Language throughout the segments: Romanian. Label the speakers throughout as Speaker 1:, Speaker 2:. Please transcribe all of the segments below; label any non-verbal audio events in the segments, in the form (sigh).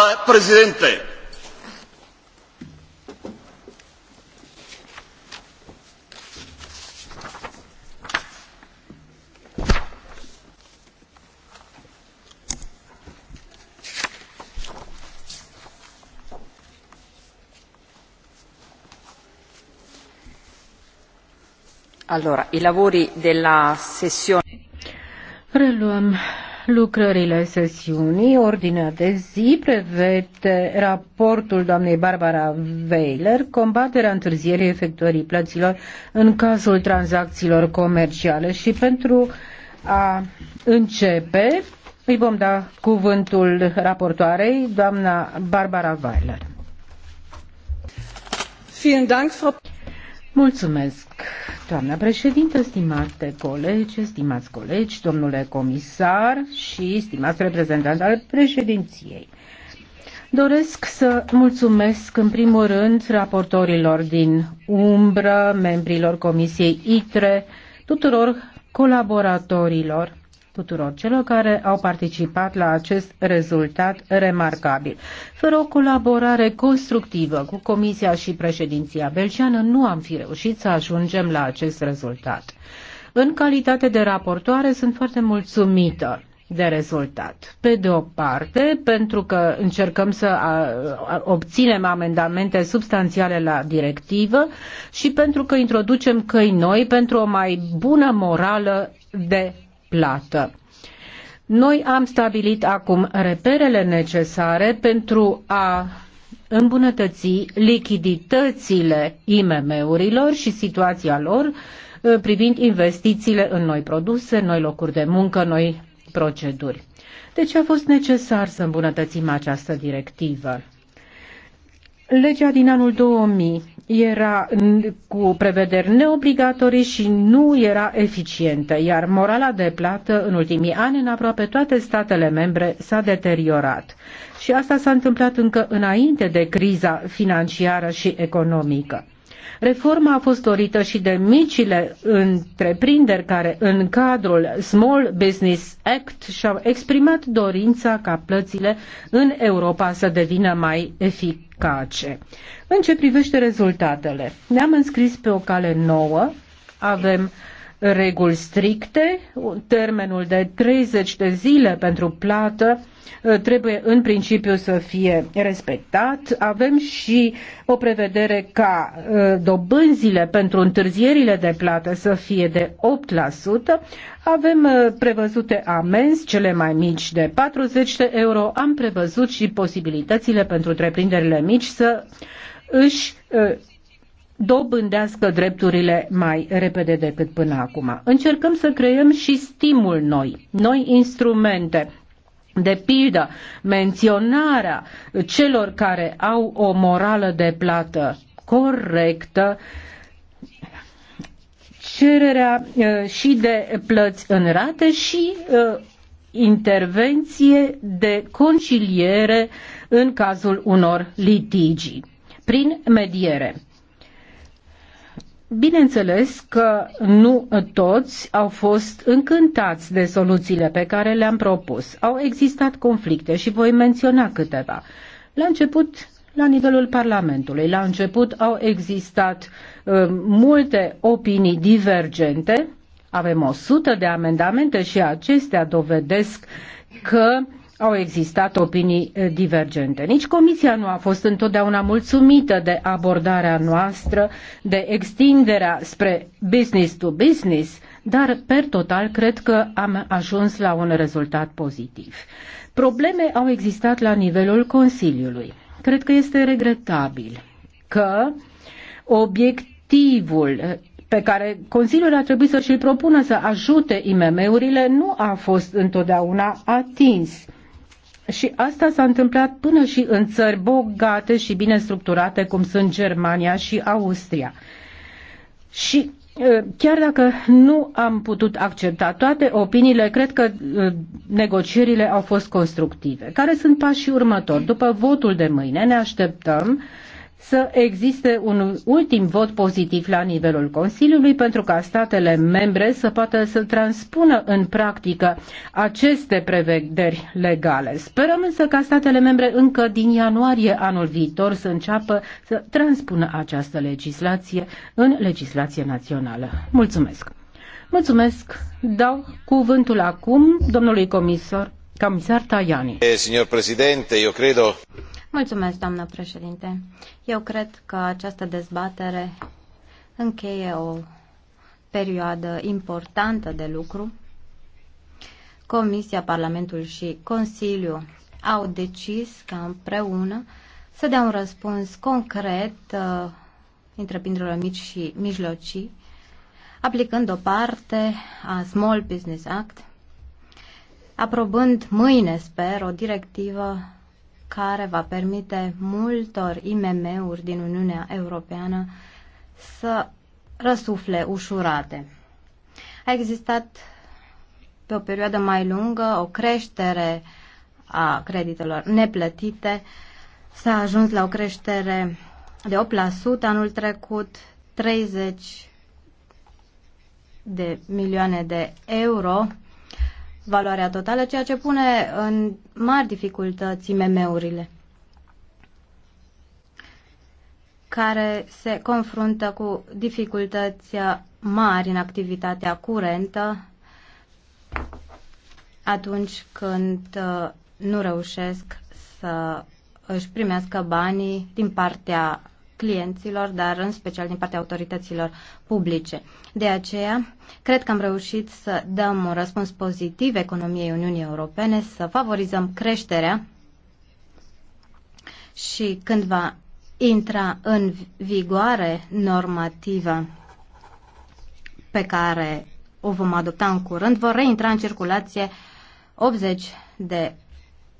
Speaker 1: Doamna președinte!
Speaker 2: Allora, i lavori della sessione. Reluăm lucrările sesiunii. Ordinea de zi prevede raportul doamnei Barbara Weiler, combaterea întârzierii efectuării plăților în cazul tranzacțiilor comerciale și pentru a începe îi vom da cuvântul raportoarei, doamna Barbara Weiler. Mulțumesc, Doamna președintă, stimate colegi, stimați colegi, domnule comisar și stimați reprezentant al președinției. Doresc să mulțumesc în primul rând raportorilor din umbră, membrilor Comisiei ITRE, tuturor colaboratorilor tuturor celor care au participat la acest rezultat remarcabil. Fără o colaborare constructivă cu Comisia și președinția belgiană, nu am fi reușit să ajungem la acest rezultat. În calitate de raportoare sunt foarte mulțumită de rezultat. Pe de o parte, pentru că încercăm să obținem amendamente substanțiale la directivă și pentru că introducem căi noi pentru o mai bună morală de plată. Noi am stabilit acum reperele necesare pentru a îmbunătăți lichiditățile IMM-urilor și situația lor uh, privind investițiile în noi produse, noi locuri de muncă, noi proceduri. Deci a fost necesar să îmbunătățim această directivă. Legea din anul 2000 era cu prevederi neobligatorii și nu era eficientă, iar morala de plată în ultimii ani în aproape toate statele membre s-a deteriorat. Și asta s-a întâmplat încă înainte de criza financiară și economică. Reforma a fost dorită și de micile întreprinderi care în cadrul Small Business Act și-au exprimat dorința ca plățile în Europa să devină mai eficace. În ce privește rezultatele, ne-am înscris pe o cale nouă, avem reguli stricte, termenul de 30 de zile pentru plată uh, trebuie în principiu să fie respectat. Avem și o prevedere ca uh, dobânzile pentru întârzierile de plată să fie de 8%. Avem uh, prevăzute amenzi cele mai mici de 40 de euro. Am prevăzut și posibilitățile pentru întreprinderile mici să își dobândească drepturile mai repede decât până acum. Încercăm să creăm și stimul noi, noi instrumente, de pildă, menționarea celor care au o morală de plată corectă, cererea uh, și de plăți în rate și uh, intervenție de conciliere în cazul unor litigii prin mediere. Bineînțeles că nu toți au fost încântați de soluțiile pe care le-am propus. Au existat conflicte și voi menționa câteva. La început, la nivelul Parlamentului, la început au existat uh, multe opinii divergente. Avem o sută de amendamente și acestea dovedesc că uh, au existat opinii eh, divergente. Nici Comisia nu a fost întotdeauna mulțumită de abordarea noastră, de extinderea spre business to business, dar per total cred că am ajuns la un rezultat pozitiv. Probleme au existat la nivelul Consiliului. Cred că este regretabil că obiectivul eh, pe care Consiliul a trebuit să și propună să ajute IMM-urile nu a fost întotdeauna atins. Și asta s-a întâmplat până și în țări bogate și bine structurate, cum sunt Germania și Austria. Și Chiar dacă nu am putut accepta toate opiniile, cred că negocierile au fost constructive. Care sunt pașii următori? După votul de mâine ne așteptăm să existe un ultim vot pozitiv la nivelul Consiliului pentru ca statele membre să poată să transpună în practică aceste prevederi legale. Sperăm însă ca statele membre încă din ianuarie anul viitor să înceapă să transpună această legislație în legislație națională. Mulțumesc! Mulțumesc! Dau cuvântul acum domnului comisar, comisar
Speaker 3: Tajani. Eh, signor Presidente, eu credo... Mulțumesc, doamnă președinte. Eu cred că această dezbatere încheie o perioadă importantă de lucru. Comisia, Parlamentul și Consiliu au decis ca împreună să dea un răspuns concret uh, întreprinderilor mici și mijlocii, aplicând o parte a Small Business Act, aprobând mâine, sper, o directivă care va permite multor IMM-uri din Uniunea Europeană să răsufle ușurate. A existat pe o perioadă mai lungă o creștere a creditelor neplătite, s-a ajuns la o creștere de 8% anul trecut, 30 de milioane de euro valoarea totală, ceea ce pune în mari dificultăți IMM-urile care se confruntă cu dificultăți mari în activitatea curentă atunci când uh, nu reușesc să își primească banii din partea clienților, dar în special din partea autorităților publice. De aceea, cred că am reușit să dăm un răspuns pozitiv economiei Uniunii Europene, să favorizăm creșterea și când va intra în vigoare normativa pe care o vom adopta în curând, vor reintra în circulație 80 de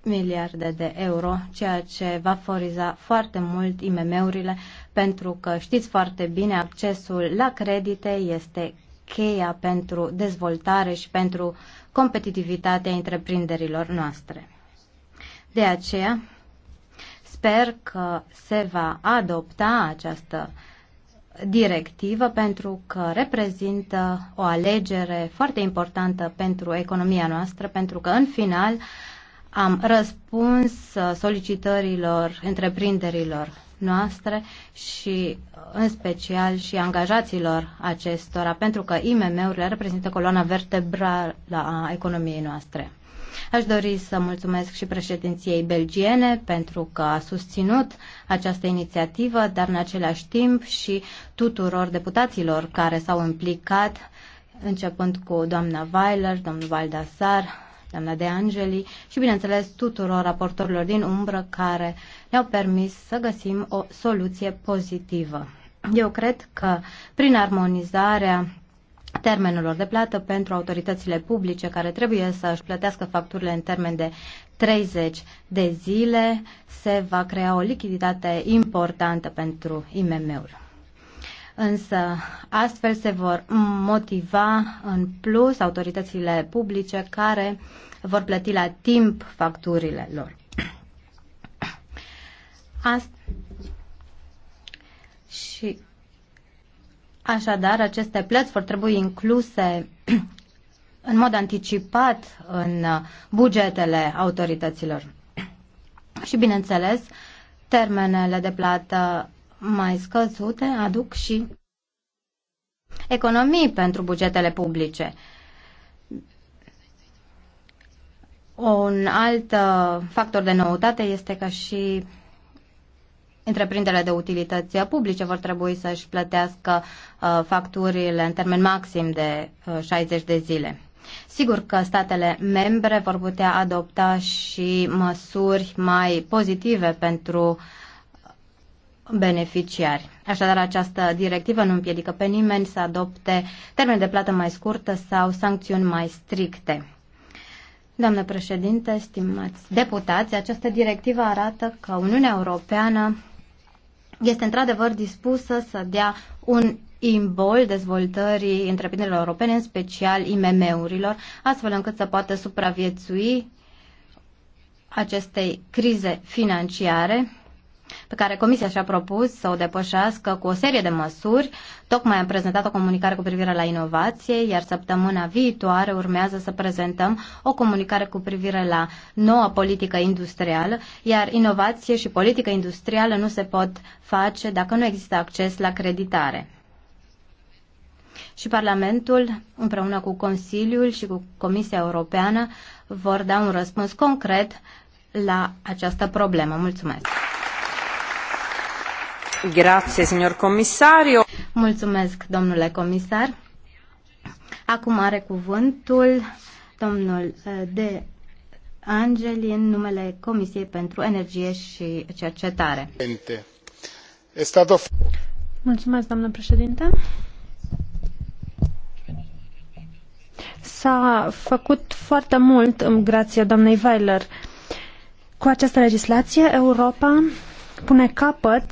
Speaker 3: miliarde de euro, ceea ce va favoriza foarte mult IMM-urile, pentru că știți foarte bine, accesul la credite este cheia pentru dezvoltare și pentru competitivitatea întreprinderilor noastre. De aceea, sper că se va adopta această directivă pentru că reprezintă o alegere foarte importantă pentru economia noastră, pentru că în final am răspuns uh, solicitărilor întreprinderilor noastre și uh, în special și angajaților acestora, pentru că IMM-urile reprezintă coloana vertebrală a economiei noastre. Aș dori să mulțumesc și președinției belgiene pentru că a susținut această inițiativă, dar în același timp și tuturor deputaților care s-au implicat, începând cu doamna Weiler, domnul Valdasar, doamna De Angeli și, bineînțeles, tuturor raportorilor din umbră care ne-au permis să găsim o soluție pozitivă. Eu cred că prin armonizarea termenelor de plată pentru autoritățile publice care trebuie să își plătească facturile în termen de 30 de zile, se va crea o lichiditate importantă pentru IMM-uri însă astfel se vor motiva în plus autoritățile publice care vor plăti la timp facturile lor. Ast- și așadar aceste plăți vor trebui incluse (clears throat) în mod anticipat în bugetele autorităților. Și bineînțeles, termenele de plată mai scăzute aduc și economii pentru bugetele publice. Un alt uh, factor de noutate este că și întreprinderile de utilități publice vor trebui să-și plătească uh, facturile în termen maxim de 60 uh, de zile. Sigur că statele membre vor putea adopta și măsuri mai pozitive pentru uh, beneficiari. Așadar, această directivă nu împiedică pe nimeni să adopte termen de plată mai scurtă sau sancțiuni mai stricte. Doamnă președinte, stimați deputați, această directivă arată că Uniunea Europeană este într-adevăr dispusă să dea un imbol dezvoltării întreprinderilor europene, în special IMM-urilor, astfel încât să poată supraviețui acestei crize financiare pe care Comisia și-a propus să o depășească cu o serie de măsuri. Tocmai am prezentat o comunicare cu privire la inovație, iar săptămâna viitoare urmează să prezentăm o comunicare cu privire la noua politică industrială, iar inovație și politică industrială nu se pot face dacă nu există acces la creditare. Și Parlamentul, împreună cu Consiliul și cu Comisia Europeană, vor da un răspuns concret la această problemă. Mulțumesc! Grazie, signor Mulțumesc, domnule comisar. Acum are cuvântul domnul eh, de Angeli în numele Comisiei pentru Energie și Cercetare. Mulțumesc,
Speaker 1: doamnă președinte. S-a făcut foarte mult, grație doamnei Weiler. Cu această legislație, Europa pune capăt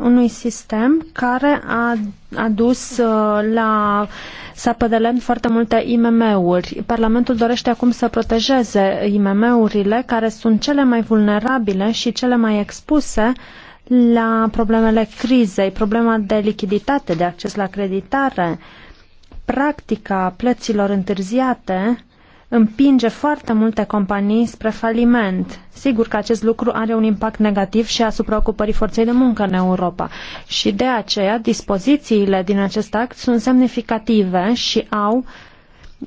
Speaker 1: unui sistem care a adus uh, la sapă de lemn foarte multe IMM-uri. Parlamentul dorește acum să protejeze IMM-urile care sunt cele mai vulnerabile și cele mai expuse la problemele crizei, problema de lichiditate, de acces la creditare, practica plăților întârziate, împinge foarte multe companii spre faliment. Sigur că acest lucru are un impact negativ și asupra ocupării forței de muncă în Europa și de aceea dispozițiile din acest act sunt semnificative și au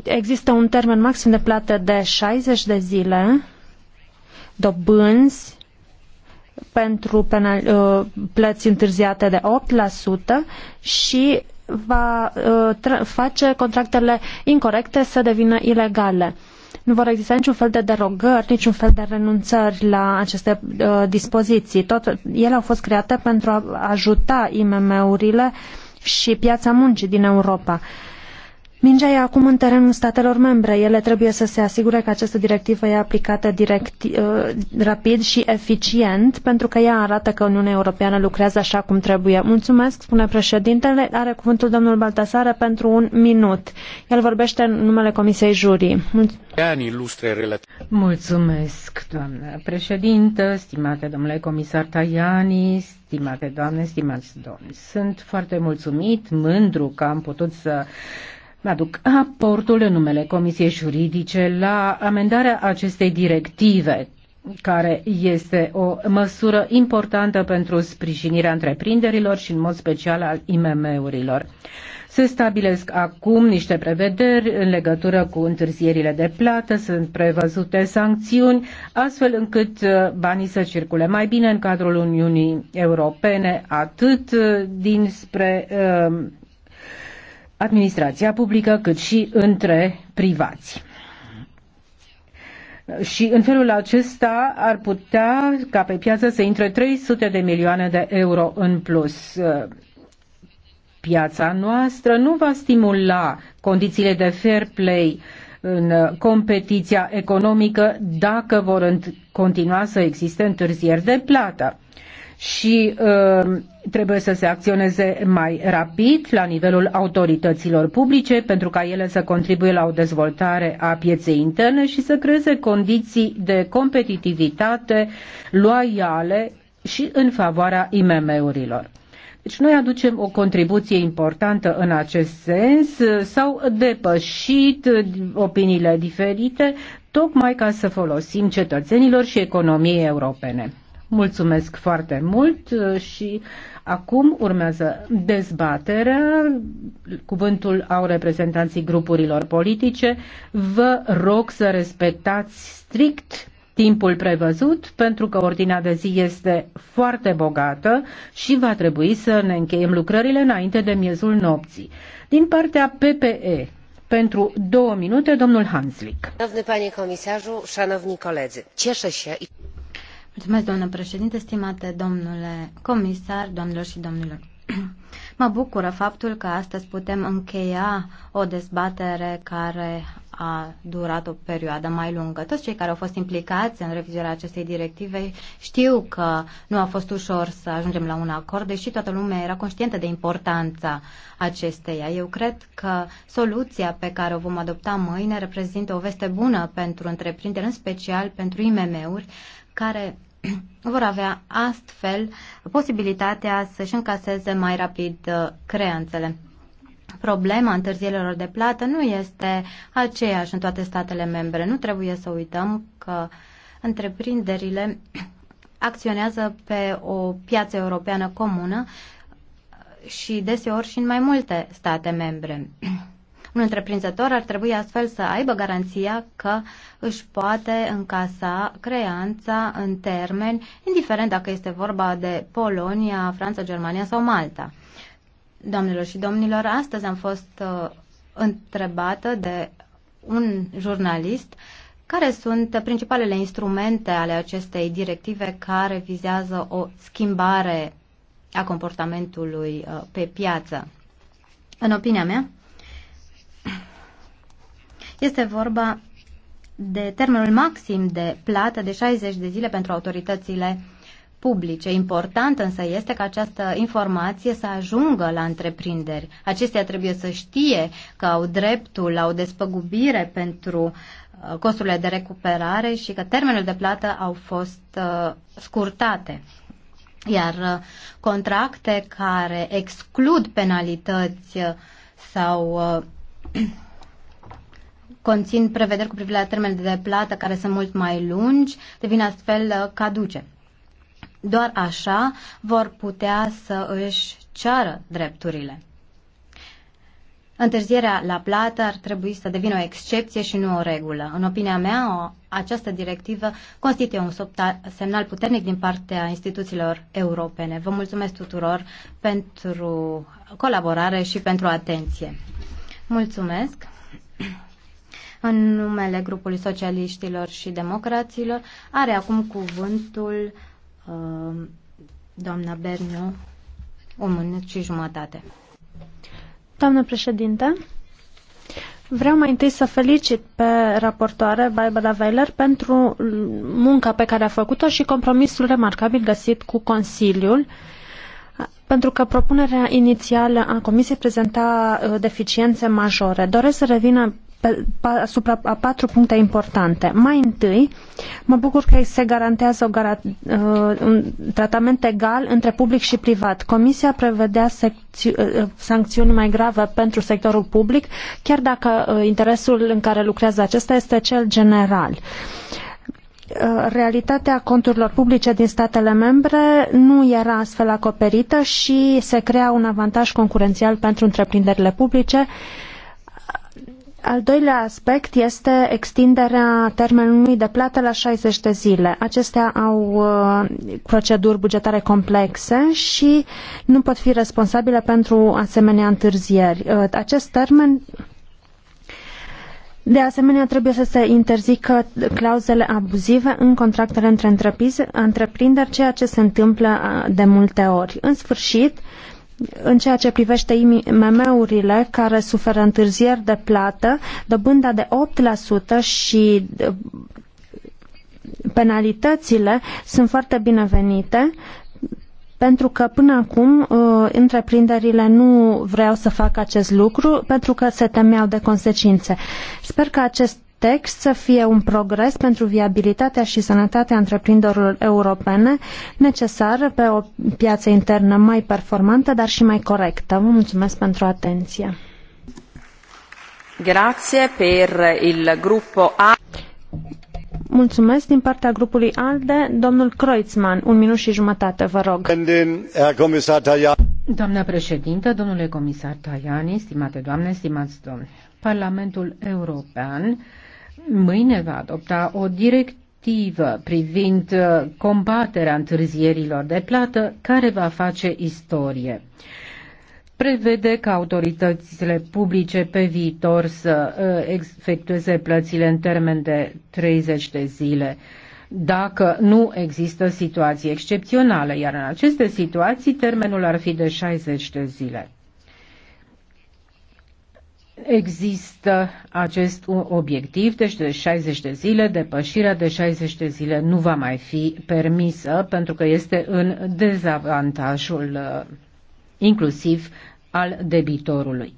Speaker 1: există un termen maxim de plată de 60 de zile dobânzi pentru penal, uh, plăți întârziate de 8% și va uh, face contractele incorrecte să devină ilegale. Nu vor exista niciun fel de derogări, niciun fel de renunțări la aceste uh, dispoziții. Tot, ele au fost create pentru a ajuta IMM-urile și piața muncii din Europa. Uh, Mingea e acum în terenul statelor membre. Ele trebuie să se asigure că această directivă e aplicată direct, uh, rapid și eficient, pentru că ea arată că Uniunea Europeană lucrează așa cum trebuie. Mulțumesc, spune președintele. Are cuvântul domnul Baltasare pentru un minut. El
Speaker 2: vorbește în numele Comisiei Jurii.
Speaker 4: Mulțumesc.
Speaker 2: Mulțumesc, doamnă președintă, stimate domnule comisar Tajani, stimate doamne, stimați domni. Sunt foarte mulțumit, mândru că am putut să aduc aportul în numele Comisiei Juridice la amendarea acestei directive care este o măsură importantă pentru sprijinirea întreprinderilor și în mod special al IMM-urilor. Se stabilesc acum niște prevederi în legătură cu întârzierile de plată, sunt prevăzute sancțiuni, astfel încât uh, banii să circule mai bine în cadrul Uniunii Europene, atât uh, dinspre uh, administrația publică cât și între privați. Și în felul acesta ar putea ca pe piață să intre 300 de milioane de euro în plus. Piața noastră nu va stimula condițiile de fair play în competiția economică dacă vor continua să existe întârzieri de plată și uh, trebuie să se acționeze mai rapid la nivelul autorităților publice pentru ca ele să contribuie la o dezvoltare a pieței interne și să creeze condiții de competitivitate loiale și în favoarea IMM-urilor. Deci noi aducem o contribuție importantă în acest sens. S-au depășit opiniile diferite tocmai ca să folosim cetățenilor și economiei europene. Mulțumesc foarte mult și acum urmează dezbaterea. Cuvântul au reprezentanții grupurilor politice. Vă rog să respectați strict timpul prevăzut pentru că ordinea de zi este foarte bogată și va trebui să ne încheiem lucrările înainte de miezul nopții. Din partea PPE, pentru
Speaker 3: două minute, domnul Hanslik.
Speaker 2: Domnul panie komisarzu, șanovni colegi, cieșe și...
Speaker 3: Mulțumesc, doamnă președinte, stimate domnule comisar, doamnelor și domnilor. (clears throat) Mă bucură faptul că astăzi putem încheia o dezbatere care a durat o perioadă mai lungă. Toți cei care au fost implicați în revizuirea acestei directive știu că nu a fost ușor să ajungem la un acord, deși toată lumea era conștientă de importanța acesteia. Eu cred că soluția pe care o vom adopta mâine reprezintă o veste bună pentru întreprinderi, în special pentru IMM-uri, care (clears throat) vor avea astfel posibilitatea să-și încaseze mai rapid uh, creanțele. Problema întârzierilor de plată nu este aceeași în toate statele membre. Nu trebuie să uităm că întreprinderile (clears throat) acționează pe o piață europeană comună și deseori și în mai multe state membre. (clears throat) Un întreprinzător ar trebui astfel să aibă garanția că își poate încasa creanța în termeni, indiferent dacă este vorba de Polonia, Franța, Germania sau Malta. Doamnelor și domnilor, astăzi am fost uh, întrebată de un jurnalist care sunt principalele instrumente ale acestei directive care vizează o schimbare a comportamentului uh, pe piață? În opinia mea, este vorba de termenul maxim de plată de 60 de zile pentru autoritățile publice. Important însă este ca această informație să ajungă la întreprinderi. Acestea trebuie să știe că au dreptul la o despăgubire pentru uh, costurile de recuperare și că termenul de plată au fost uh, scurtate. Iar uh, contracte care exclud penalități sau conțin prevederi cu privire la termenele de plată care sunt mult mai lungi, devin astfel uh, caduce. Doar așa vor putea să își ceară drepturile. Întârzierea la plată ar trebui să devină o excepție și nu o regulă. În opinia mea, o, această directivă constituie un semnal puternic din partea instituțiilor europene. Vă mulțumesc tuturor pentru colaborare și pentru atenție. Mulțumesc! în numele grupului socialiștilor și democraților. Are acum cuvântul uh, doamna Berniu, o minut și jumătate.
Speaker 1: Doamnă președinte, Vreau mai întâi să felicit pe raportoare Barbara Weiler pentru munca pe care a făcut-o și compromisul remarcabil găsit cu Consiliul, pentru că propunerea inițială a Comisiei prezenta uh, deficiențe majore. Doresc să revin asupra a patru puncte importante. Mai întâi, mă bucur că se garantează o gara, uh, un tratament egal între public și privat. Comisia prevedea secți, uh, sancțiuni mai grave pentru sectorul public, chiar dacă uh, interesul în care lucrează acesta este cel general. Uh, realitatea conturilor publice din statele membre nu era astfel acoperită și se crea un avantaj concurențial pentru întreprinderile publice uh, al doilea aspect este extinderea termenului de plată la 60 de zile. Acestea au uh, proceduri bugetare complexe și nu pot fi responsabile pentru asemenea întârzieri. Uh, acest termen de asemenea, trebuie să se interzică clauzele abuzive în contractele între întreprinderi, ceea ce se întâmplă uh, de multe ori. În sfârșit, în ceea ce privește IMM-urile care suferă întârzieri de plată, dobânda de 8% și uh, penalitățile sunt foarte binevenite pentru că până acum uh, întreprinderile nu vreau să facă acest lucru pentru că se temeau de consecințe. Sper că acest text să fie un progres pentru viabilitatea și sănătatea întreprinderilor europene necesară pe o piață internă mai performantă, dar și mai corectă. Vă mulțumesc pentru atenție.
Speaker 2: Grazie per il gruppo A.
Speaker 1: Mulțumesc din partea grupului
Speaker 2: ALDE, domnul Kreutzmann. Un minut și jumătate, vă rog. Doamna președintă, domnule comisar Tajani, stimate doamne, stimați domni, Parlamentul European mâine va adopta o directivă privind uh, combaterea întârzierilor de plată care va face istorie prevede ca autoritățile publice pe viitor să uh, efectueze plățile în termen de 30 de zile dacă nu există situații excepționale, iar în aceste situații termenul ar fi de 60 de zile. Există acest obiectiv, deci de 60 de zile, depășirea de 60 de zile nu va mai fi permisă pentru că este în dezavantajul uh, inclusiv al debitorului.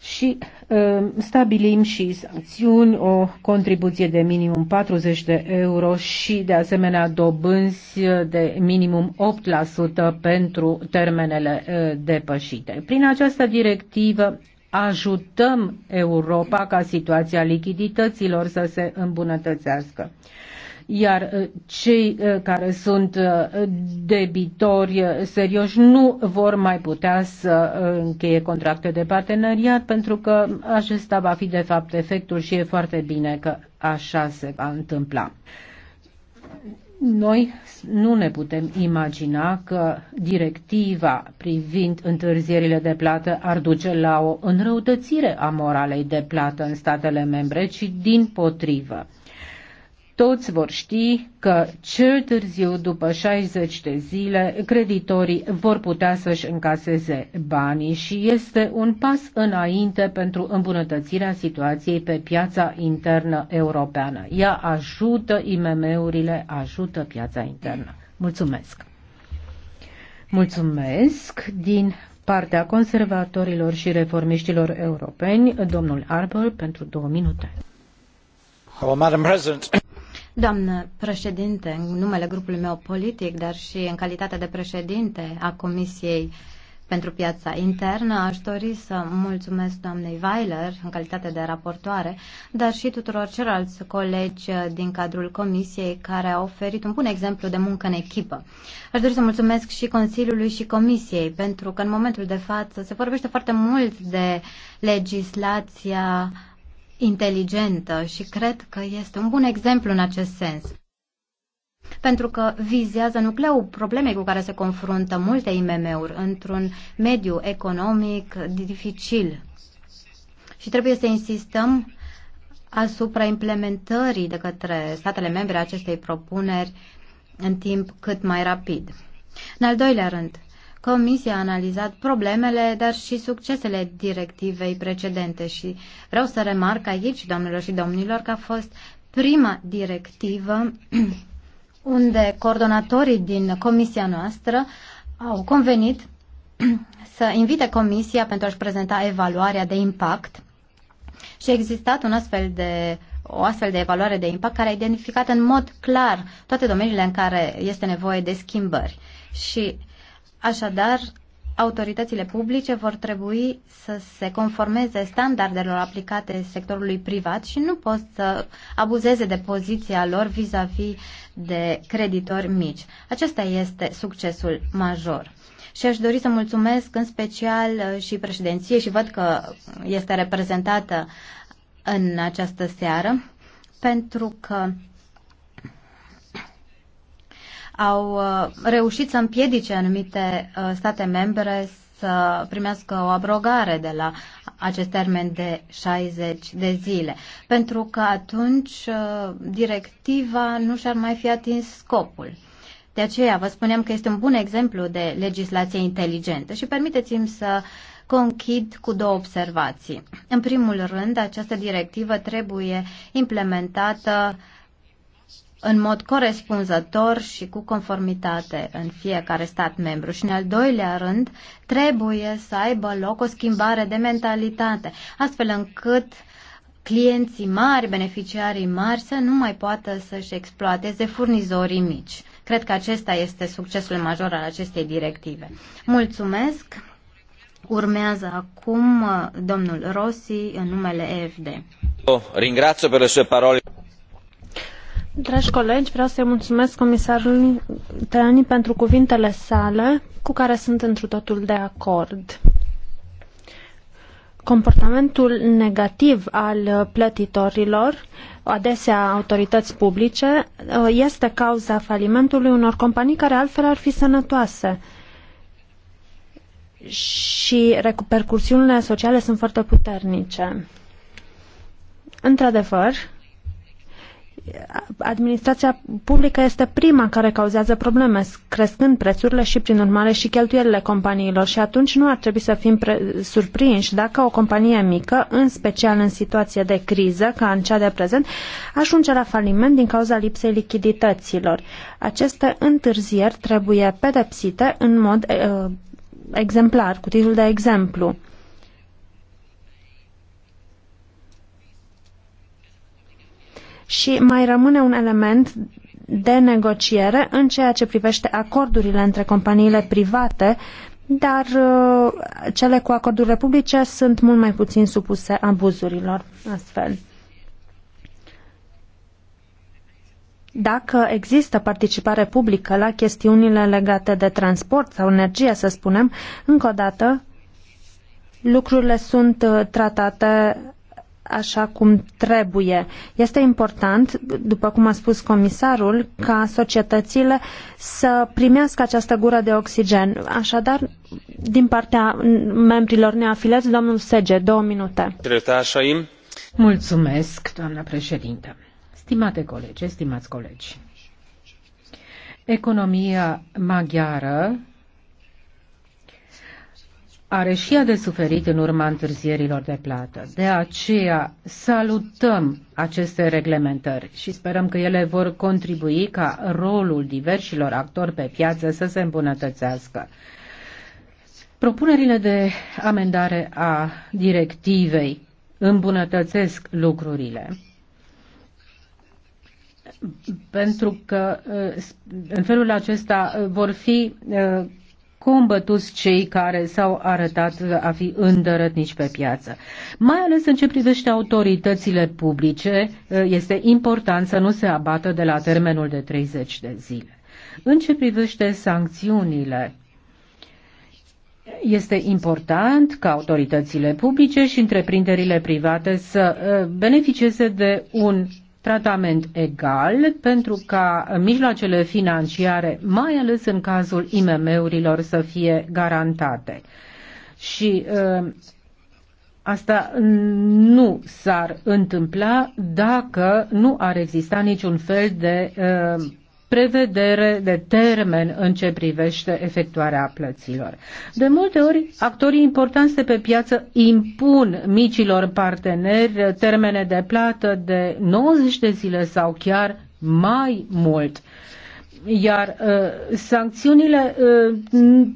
Speaker 2: Și uh, stabilim și sancțiuni, o contribuție de minimum 40 de euro și de asemenea dobânzi de minimum 8% pentru termenele uh, depășite. Prin această directivă ajutăm Europa ca situația lichidităților să se îmbunătățească iar uh, cei uh, care sunt uh, debitori serioși nu vor mai putea să încheie contracte de parteneriat pentru că acesta va fi de fapt efectul și e foarte bine că așa se va întâmpla. Noi nu ne putem imagina că directiva privind întârzierile de plată ar duce la o înrăutățire a moralei de plată în statele membre, ci din potrivă toți vor ști că cel târziu, după 60 de zile, creditorii vor putea să-și încaseze banii și este un pas înainte pentru îmbunătățirea situației pe piața internă europeană. Ea ajută IMM-urile, ajută piața internă. Mulțumesc! Mulțumesc din partea conservatorilor și reformiștilor europeni, domnul Arbor, pentru două minute.
Speaker 3: Well, Madam President. Doamnă președinte, în numele grupului meu politic, dar și în calitate de președinte a Comisiei pentru piața internă, aș dori să mulțumesc doamnei Weiler în calitate de raportoare, dar și tuturor celorlalți colegi din cadrul comisiei care au oferit un bun exemplu de muncă în echipă. Aș dori să mulțumesc și Consiliului și Comisiei, pentru că în momentul de față se vorbește foarte mult de legislația inteligentă și cred că este un bun exemplu în acest sens. Pentru că vizează nucleul problemei cu care se confruntă multe IMM-uri într-un mediu economic dificil. Și trebuie să insistăm asupra implementării de către statele membre acestei propuneri în timp cât mai rapid. În al doilea rând, Comisia a analizat problemele, dar și succesele directivei precedente și vreau să remarc aici, doamnelor și domnilor, că a fost prima directivă (clears throat) unde coordonatorii din comisia noastră au convenit (clears throat) să invite comisia pentru a-și prezenta evaluarea de impact și a existat un astfel de, o astfel de evaluare de impact care a identificat în mod clar toate domeniile în care este nevoie de schimbări. Și Așadar, autoritățile publice vor trebui să se conformeze standardelor aplicate sectorului privat și nu pot să abuzeze de poziția lor vis-a-vis -vis de creditori mici. Acesta este succesul major. Și aș dori să mulțumesc în special uh, și președinție și văd că este reprezentată în această seară pentru că au uh, reușit să împiedice anumite uh, state membre să primească o abrogare de la acest termen de 60 de zile, pentru că atunci uh, directiva nu și-ar mai fi atins scopul. De aceea vă spuneam că este un bun exemplu de legislație inteligentă și permiteți-mi să conchid cu două observații. În primul rând, această directivă trebuie implementată uh, în mod corespunzător și cu conformitate în fiecare stat membru. Și în al doilea rând, trebuie să aibă loc o schimbare de mentalitate, astfel încât clienții mari, beneficiarii mari să nu mai poată să-și exploateze furnizorii mici. Cred că acesta este succesul major al acestei directive. Mulțumesc! Urmează acum uh, domnul Rossi în numele EFD. Ringrazio per le sue parole. Dragi colegi, vreau să-i
Speaker 1: mulțumesc comisarului Tajani pentru cuvintele sale, cu care sunt întru totul de acord. Comportamentul negativ al plătitorilor, adesea autorități publice, este cauza falimentului unor companii care altfel ar fi sănătoase și repercursiunile sociale sunt foarte puternice. Într-adevăr, administrația publică este prima care cauzează probleme, crescând prețurile și, prin urmare, și cheltuielile companiilor și atunci nu ar trebui să fim surprinși dacă o companie mică, în special în situație de criză, ca în cea de prezent, ajunge la faliment din cauza lipsei lichidităților. Aceste întârzieri trebuie pedepsite în mod uh, exemplar, cu titlul de exemplu. și mai rămâne un element de negociere în ceea ce privește acordurile între companiile private, dar uh, cele cu acordurile publice sunt mult mai puțin supuse abuzurilor astfel. Dacă există participare publică la chestiunile legate de transport sau energie, să spunem, încă o dată, lucrurile sunt uh, tratate așa cum trebuie. Este important, după cum a spus comisarul, ca societățile să primească această gură de oxigen. Așadar, din partea membrilor neafileți, domnul Sege, două minute.
Speaker 2: Mulțumesc, doamna președintă. Stimate colegi, stimați colegi, economia maghiară are și ea de suferit în urma întârzierilor de plată. De aceea salutăm aceste reglementări și sperăm că ele vor contribui ca rolul diversilor actori pe piață să se îmbunătățească. Propunerile de amendare a directivei îmbunătățesc lucrurile pentru că în felul acesta vor fi combătuți cei care s-au arătat a fi îndărătnici pe piață. Mai ales în ce privește autoritățile publice, este important să nu se abată de la termenul de 30 de zile. În ce privește sancțiunile, este important ca autoritățile publice și întreprinderile private să eh, beneficieze de un tratament egal pentru ca mijloacele financiare, mai ales în cazul IMM-urilor, să fie garantate. Și uh, Asta nu s-ar întâmpla dacă nu ar exista niciun fel de uh, prevedere de termen în ce privește efectuarea plăților. De multe ori, actorii importanți de pe piață impun micilor parteneri termene de plată de 90 de zile sau chiar mai mult iar uh, sancțiunile uh,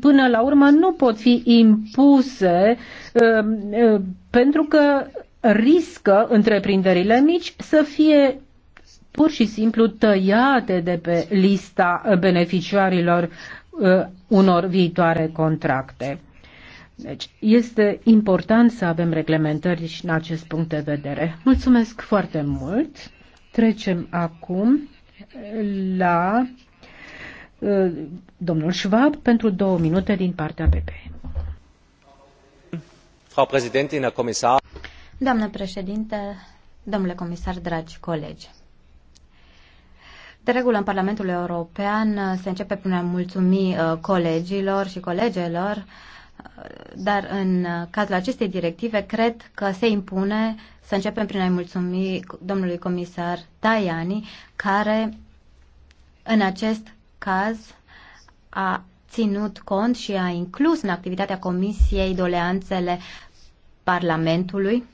Speaker 2: până la urmă nu pot fi impuse uh, uh, pentru că riscă întreprinderile mici să fie pur și simplu tăiate de pe lista beneficiarilor uh, unor viitoare contracte. Deci este important să avem reglementări și în acest punct de vedere. Mulțumesc foarte mult. Trecem acum la uh, domnul Schwab pentru două minute din partea PP.
Speaker 4: Frau președinte, Herr
Speaker 3: Doamnă președinte, domnule comisar, dragi colegi. De regulă, în Parlamentul European uh, se începe prin a mulțumi uh, colegilor și colegelor, uh, dar în cazul acestei directive cred că se impune să începem prin a-i mulțumi domnului comisar Tajani, care în acest caz a ținut cont și a inclus în activitatea Comisiei doleanțele Parlamentului,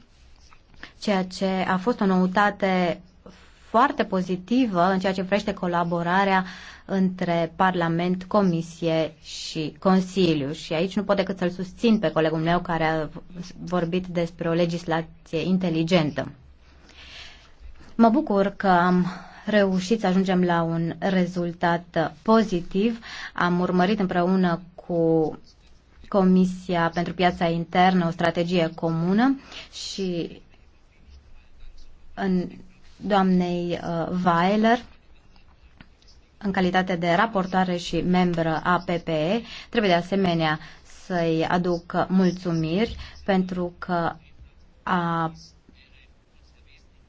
Speaker 3: ceea ce a fost o noutate foarte pozitivă în ceea ce privește colaborarea între Parlament, Comisie și Consiliu. Și aici nu pot decât să-l susțin pe colegul meu care a vorbit despre o legislație inteligentă. Mă bucur că am reușit să ajungem la un rezultat pozitiv. Am urmărit împreună cu Comisia pentru Piața Internă o strategie comună și în doamnei uh, Weiler în calitate de raportoare și membră a PPE. Trebuie de asemenea să-i aduc mulțumiri pentru că a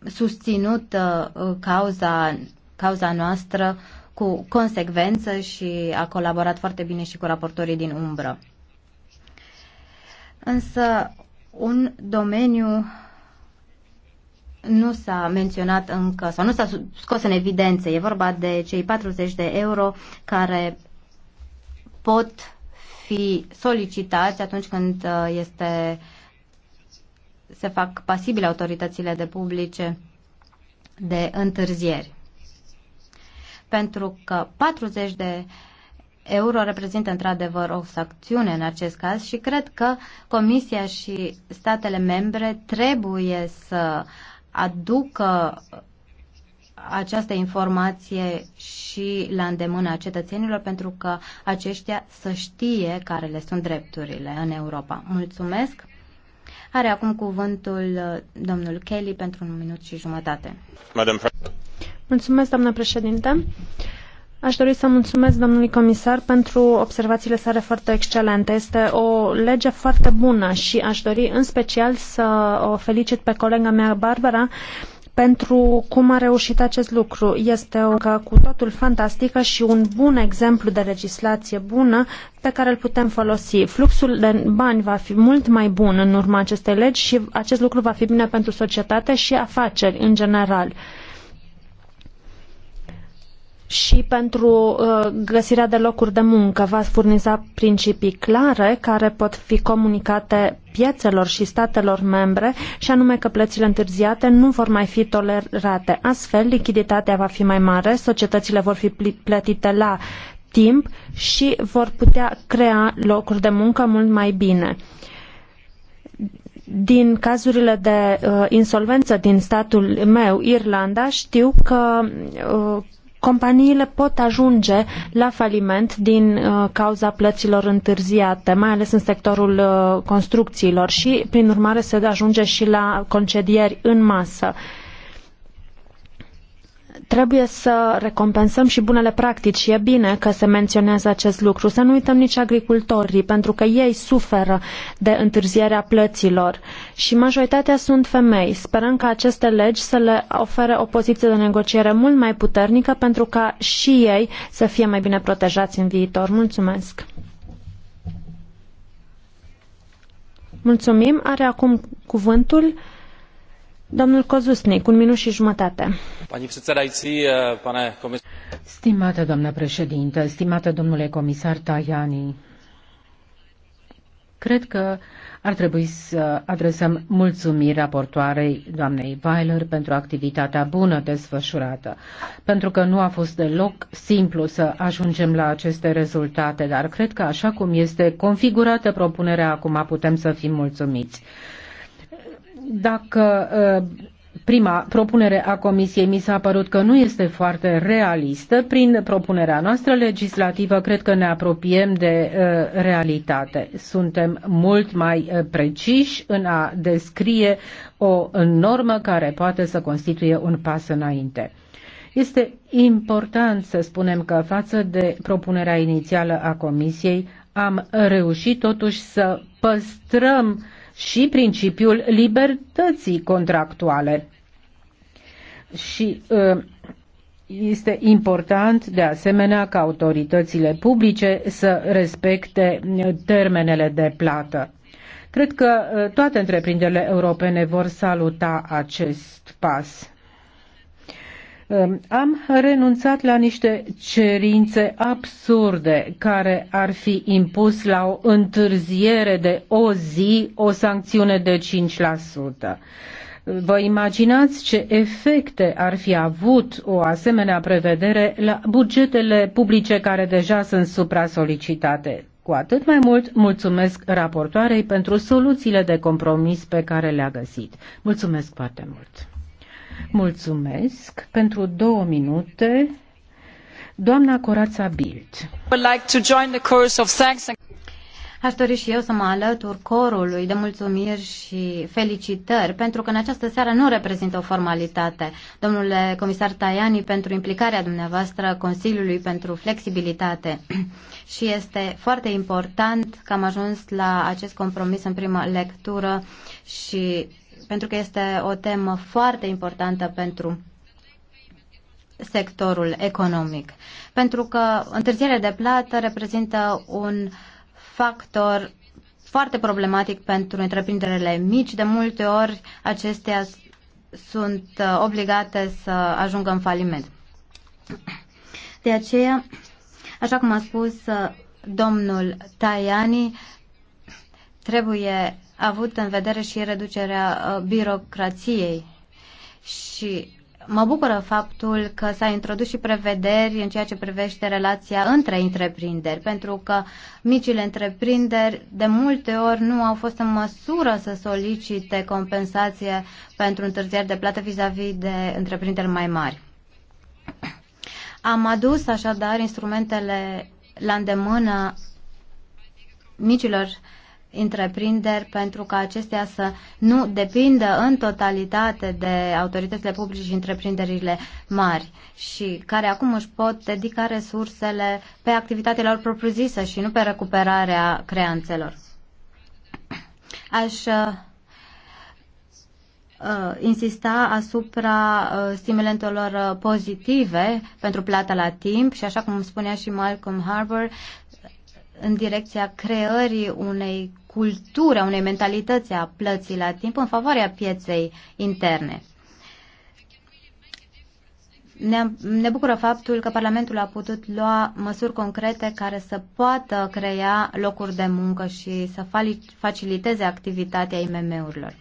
Speaker 3: susținut uh, cauza, cauza noastră cu consecvență și a colaborat foarte bine și cu raportorii din umbră. Însă, un domeniu nu s-a menționat încă sau nu s-a scos în evidență. E vorba de cei 40 de euro care pot fi solicitați atunci când uh, este se fac pasibile autoritățile de publice de întârzieri. Pentru că 40 de euro reprezintă într-adevăr o sancțiune în acest caz și cred că Comisia și statele membre trebuie să aducă această informație și la îndemâna cetățenilor pentru că aceștia să știe care le sunt drepturile în Europa. Mulțumesc! Are acum cuvântul uh, domnul Kelly pentru un minut și jumătate. Mulțumesc, doamnă președinte.
Speaker 1: Aș dori să mulțumesc domnului comisar pentru observațiile sale foarte excelente. Este o lege foarte bună și aș dori în special să o felicit pe colega mea, Barbara, pentru cum a reușit acest lucru. Este o că cu totul fantastică și un bun exemplu de legislație bună pe care îl putem folosi. Fluxul de bani va fi mult mai bun în urma acestei legi și acest lucru va fi bine pentru societate și afaceri în general și pentru uh, găsirea de locuri de muncă. Va furniza principii clare care pot fi comunicate piețelor și statelor membre și anume că plățile întârziate nu vor mai fi tolerate. Astfel, lichiditatea va fi mai mare, societățile vor fi plătite la timp și vor putea crea locuri de muncă mult mai bine din cazurile de uh, insolvență din statul meu, Irlanda, știu că uh, companiile pot ajunge la faliment din uh, cauza plăților întârziate, mai ales în sectorul uh, construcțiilor și, prin urmare, se ajunge și la concedieri în masă trebuie să recompensăm și bunele practici și e bine că se menționează acest lucru. Să nu uităm nici agricultorii, pentru că ei suferă de întârzierea plăților și majoritatea sunt femei. Sperăm ca aceste legi să le ofere o poziție de negociere mult mai puternică pentru ca și ei să fie mai bine protejați în viitor. Mulțumesc! Mulțumim. Are acum cuvântul Domnul
Speaker 2: Kozusnik, un minut și jumătate. Eh, stimată doamnă președintă, stimată domnule comisar Tajani, cred că ar trebui să adresăm mulțumiri raportoarei doamnei Weiler pentru activitatea bună desfășurată, pentru că nu a fost deloc simplu să ajungem la aceste rezultate, dar cred că așa cum este configurată propunerea acum putem să fim mulțumiți. Dacă ă, prima propunere a Comisiei mi s-a părut că nu este foarte realistă, prin propunerea noastră legislativă cred că ne apropiem de ă, realitate. Suntem mult mai ă, preciși în a descrie o normă care poate să constituie un pas înainte. Este important să spunem că față de propunerea inițială a Comisiei am reușit totuși să păstrăm și principiul libertății contractuale. Și ă, este important, de asemenea, ca autoritățile publice să respecte termenele de plată. Cred că ă, toate întreprinderile europene vor saluta acest pas. Ehm, am renunțat la niște cerințe absurde care ar fi impus la o întârziere de o zi o sancțiune de 5%. Vă imaginați ce efecte ar fi avut o asemenea prevedere la bugetele publice care deja sunt supra-solicitate? Cu atât mai mult, mulțumesc raportoarei pentru soluțiile de compromis pe care le-a găsit. Mulțumesc foarte mult! Mulțumesc. Pentru două minute, doamna
Speaker 3: Corața Bild. Aș dori și eu să mă alătur corului de mulțumiri și felicitări, pentru că în această seară nu reprezintă o formalitate. Domnule comisar Tajani, pentru implicarea dumneavoastră Consiliului pentru flexibilitate. (clears throat) și este foarte important că am ajuns la acest compromis în prima lectură și pentru că este o temă foarte importantă pentru sectorul economic. Pentru că întârzierea de plată reprezintă un factor foarte problematic pentru întreprinderile mici. De multe ori acestea sunt uh, obligate să ajungă în faliment. De aceea, așa cum a spus uh, domnul Tajani, trebuie avut în vedere și reducerea uh, birocrației și mă bucură faptul că s-a introdus și prevederi în ceea ce privește relația între întreprinderi, pentru că micile întreprinderi de multe ori nu au fost în măsură să solicite compensație pentru întârzieri de plată vis-a-vis -vis de întreprinderi mai mari. Am adus așadar instrumentele la îndemână micilor uh, întreprinderi pentru ca acestea să nu depindă în totalitate de autoritățile publice și întreprinderile mari și care acum își pot dedica resursele pe activitatea lor propriu-zisă și nu pe recuperarea creanțelor. Aș uh, insista asupra uh, stimulentelor uh, pozitive pentru plata la timp și așa cum spunea și Malcolm Harbour, în direcția creării unei culturi, a unei mentalități a plății la timp în favoarea pieței interne. Ne, ne bucură faptul că Parlamentul a putut lua măsuri concrete care să poată crea locuri de muncă și să faciliteze activitatea IMM-urilor.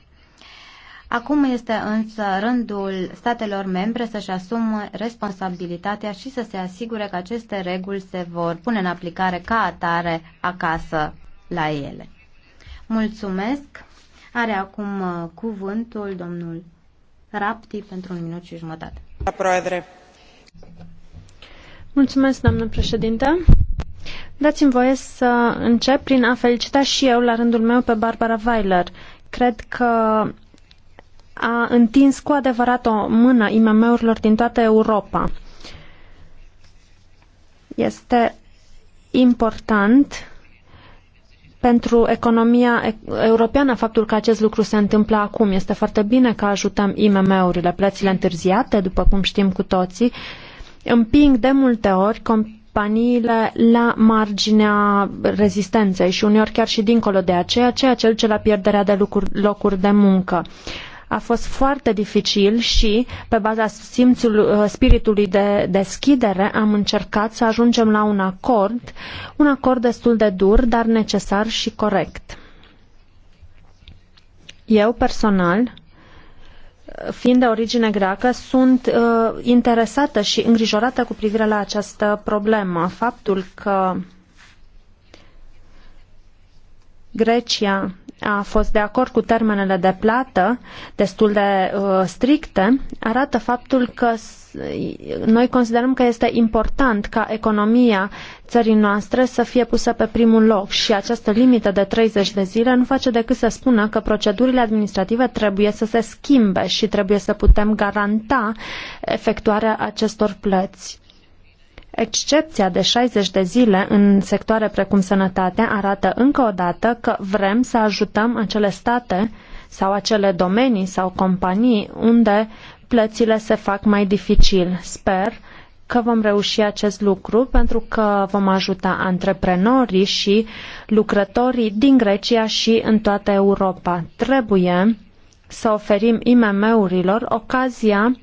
Speaker 3: Acum este însă rândul statelor membre să-și asume responsabilitatea și să se asigure că aceste reguli se vor pune în aplicare ca atare acasă la ele. Mulțumesc! Are acum uh, cuvântul domnul Rapti pentru un minut și jumătate. Da,
Speaker 1: Mulțumesc, doamnă președinte. Dați-mi voie să încep prin a felicita și eu la rândul meu pe Barbara Weiler. Cred că a întins cu adevărat o mână IMM-urilor din toată Europa. Este important pentru economia europeană faptul că acest lucru se întâmplă acum. Este foarte bine că ajutăm IMM-urile, plățile întârziate, după cum știm cu toții, împing de multe ori companiile la marginea rezistenței și uneori chiar și dincolo de aceea, ceea ce duce la pierderea de locuri de muncă a fost foarte dificil și, pe baza simțul, uh, spiritului de deschidere, am încercat să ajungem la un acord, un acord destul de dur, dar necesar și corect. Eu, personal, fiind de origine greacă, sunt uh, interesată și îngrijorată cu privire la această problemă. Faptul că Grecia a fost de acord cu termenele de plată destul de uh, stricte, arată faptul că noi considerăm că este important ca economia țării noastre să fie pusă pe primul loc și această limită de 30 de zile nu face decât să spună că procedurile administrative trebuie să se schimbe și trebuie să putem garanta efectuarea acestor plăți. Excepția de 60 de zile în sectoare precum sănătate arată încă o dată că vrem să ajutăm acele state sau acele domenii sau companii unde plățile se fac mai dificil. Sper că vom reuși acest lucru pentru că vom ajuta antreprenorii și lucrătorii din Grecia și în toată Europa. Trebuie să oferim IMM-urilor ocazia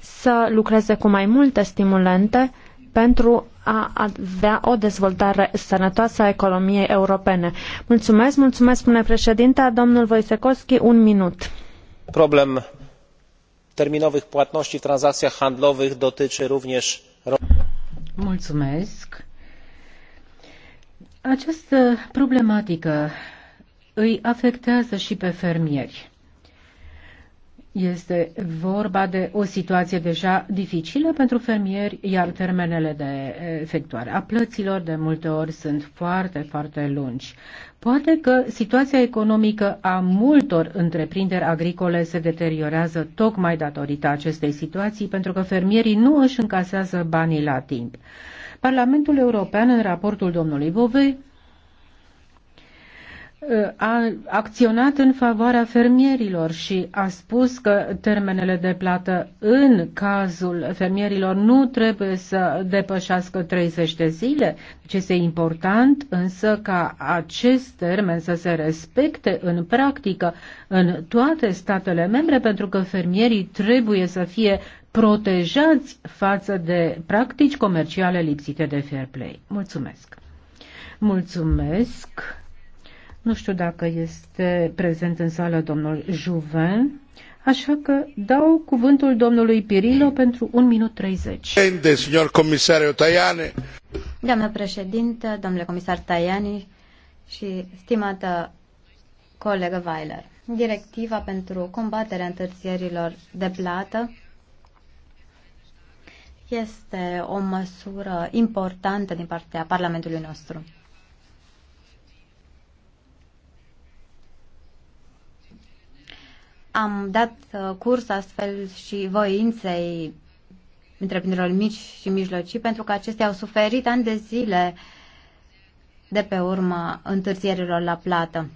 Speaker 1: să lucreze cu mai multe stimulente pentru a avea o dezvoltare sănătoasă a economiei europene. Mulțumesc, mulțumesc, spune președinta. Domnul Wojciechowski, un minut.
Speaker 3: Problem
Speaker 2: terminowych płatności w transakcjach handlowych dotyczy również... Mulțumesc. Această problematică îi afectează și pe fermieri. Este vorba de o situație deja dificilă pentru fermieri, iar termenele de efectuare a plăților de multe ori sunt foarte, foarte lungi. Poate că situația economică a multor întreprinderi agricole se deteriorează tocmai datorită acestei situații, pentru că fermierii nu își încasează banii la timp. Parlamentul European, în raportul domnului Bovei, a acționat în favoarea fermierilor și a spus că termenele de plată în cazul fermierilor nu trebuie să depășească 30 de zile. Deci este important însă ca acest termen să se respecte în practică în toate statele membre pentru că fermierii trebuie să fie protejați față de practici comerciale lipsite de fair play. Mulțumesc! Mulțumesc! Nu știu dacă este prezent în sală domnul Juven, așa că dau
Speaker 3: cuvântul domnului Pirilo pentru 1 minut 30. Doamnă președinte, domnule comisar Tajani și stimată colegă Weiler, directiva pentru combaterea întârzierilor de plată este o măsură importantă din partea Parlamentului nostru. Am dat uh, curs astfel și voinței întreprinderilor mici și mijlocii, pentru că acestea au suferit ani de zile de pe urma întârzierilor la plată,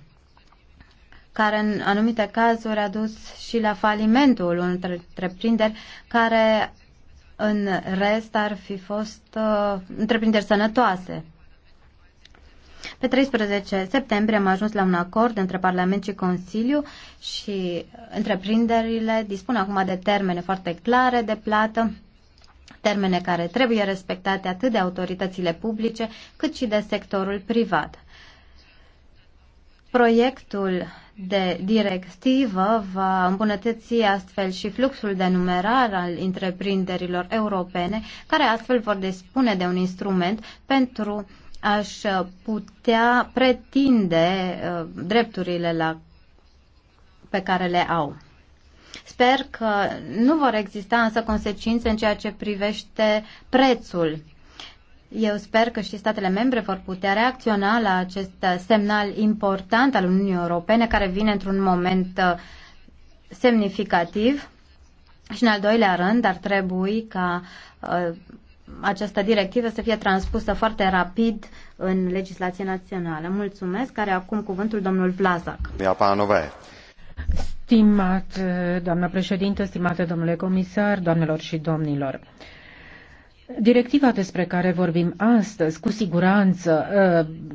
Speaker 3: care în anumite cazuri a dus și la falimentul unor întreprinderi care în rest ar fi fost uh, întreprinderi sănătoase. Pe 13 septembrie am ajuns la un acord între Parlament și Consiliu și întreprinderile dispun acum de termene foarte clare de plată, termene care trebuie respectate atât de autoritățile publice cât și de sectorul privat. Proiectul de directivă va îmbunătăți astfel și fluxul de numerar al întreprinderilor europene, care astfel vor dispune de un instrument pentru aș putea pretinde uh, drepturile la, pe care le au. Sper că nu vor exista însă consecințe în ceea ce privește prețul. Eu sper că și statele membre vor putea reacționa la acest semnal important al Uniunii Europene care vine într-un moment uh, semnificativ. Și în al doilea rând ar trebui ca uh, această directivă să fie transpusă foarte rapid în legislație națională. Mulțumesc, care acum cuvântul domnul Vlazac. Panove. Stimat doamnă președintă, stimate
Speaker 2: domnule comisar, doamnelor și domnilor, Directiva despre care vorbim astăzi, cu siguranță,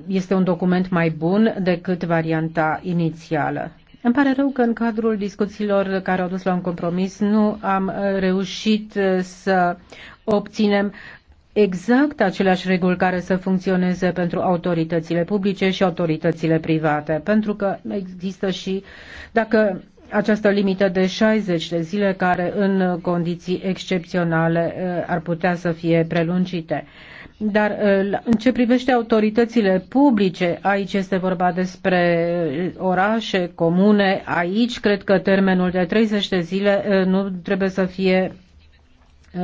Speaker 2: este un document mai bun decât varianta inițială. Îmi pare rău că în cadrul discuțiilor care au dus la un compromis nu am uh, reușit uh, să obținem exact aceleași reguli care să funcționeze pentru autoritățile publice și autoritățile private, pentru că există și dacă această limită de 60 de zile care în condiții excepționale uh, ar putea să fie prelungite. Dar uh, în ce privește autoritățile publice, aici este vorba despre uh, orașe, comune, aici cred că termenul de 30 de zile uh, nu trebuie să fie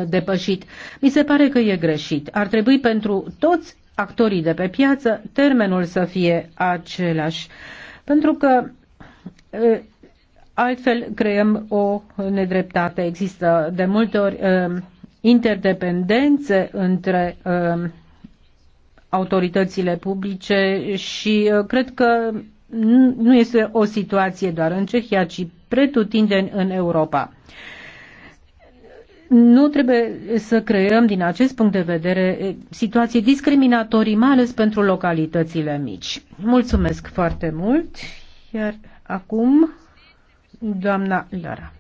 Speaker 2: depășit. Mi se pare că e greșit. Ar trebui pentru toți actorii de pe piață termenul să fie același. Pentru că altfel creăm o nedreptate. Există de multe ori interdependențe între um, autoritățile publice și uh, cred că nu este o situație doar în Cehia, ci pretutindeni în Europa. Nu trebuie să creăm din acest punct de vedere situații discriminatorii, mai ales pentru localitățile mici. Mulțumesc foarte mult, iar acum doamna Lara.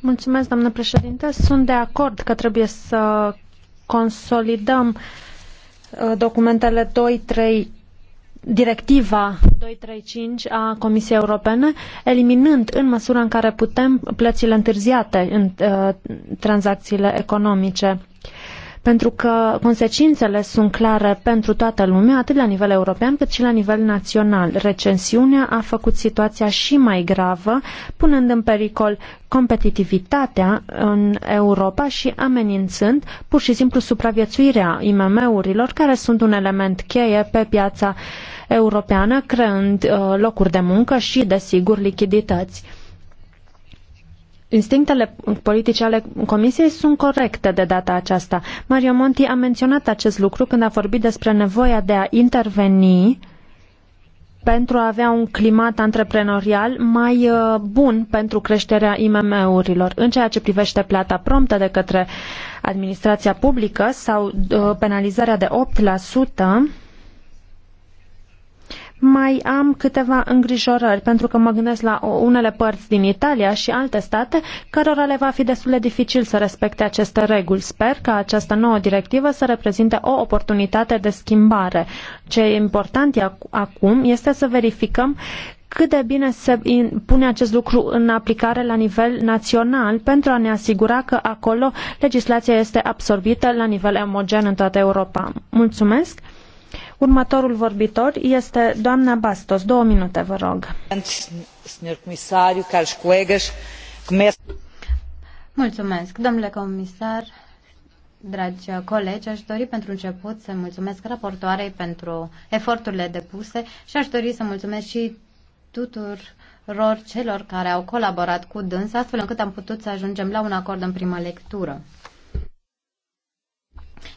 Speaker 1: Mulțumesc, doamnă președinte. Sunt de acord că trebuie să consolidăm uh, documentele 2, 3, directiva 235 a Comisiei Europene, eliminând în măsura în care putem plățile întârziate în uh, tranzacțiile economice. Uh, pentru că consecințele sunt clare pentru toată lumea, atât la nivel european cât și la nivel național. Recensiunea a făcut situația și mai gravă, punând în pericol competitivitatea în Europa și amenințând pur și simplu supraviețuirea IMM-urilor, care sunt un element cheie pe piața europeană, creând uh, locuri de muncă și, desigur, lichidități. Instinctele politice ale Comisiei sunt corecte de data aceasta. Mario Monti a menționat acest lucru când a vorbit despre nevoia de a interveni pentru a avea un climat antreprenorial mai uh, bun pentru creșterea IMM-urilor. În ceea ce privește plata promptă de către administrația publică sau uh, penalizarea de 8%, mai am câteva îngrijorări, pentru că mă gândesc la unele părți din Italia și alte state, cărora le va fi destul de dificil să respecte aceste reguli. Sper că această nouă directivă să reprezinte o oportunitate de schimbare. Ce e important acum este să verificăm cât de bine se pune acest lucru în aplicare la nivel național pentru a ne asigura că acolo legislația este absorbită la nivel omogen în toată Europa. Mulțumesc! Următorul vorbitor este doamna Bastos. Două minute, vă rog.
Speaker 3: Mulțumesc, domnule comisar, dragi colegi, aș dori pentru început să mulțumesc raportoarei pentru eforturile depuse și aș dori să mulțumesc și tuturor celor care au colaborat cu dâns, astfel încât am putut să ajungem la un acord în prima lectură.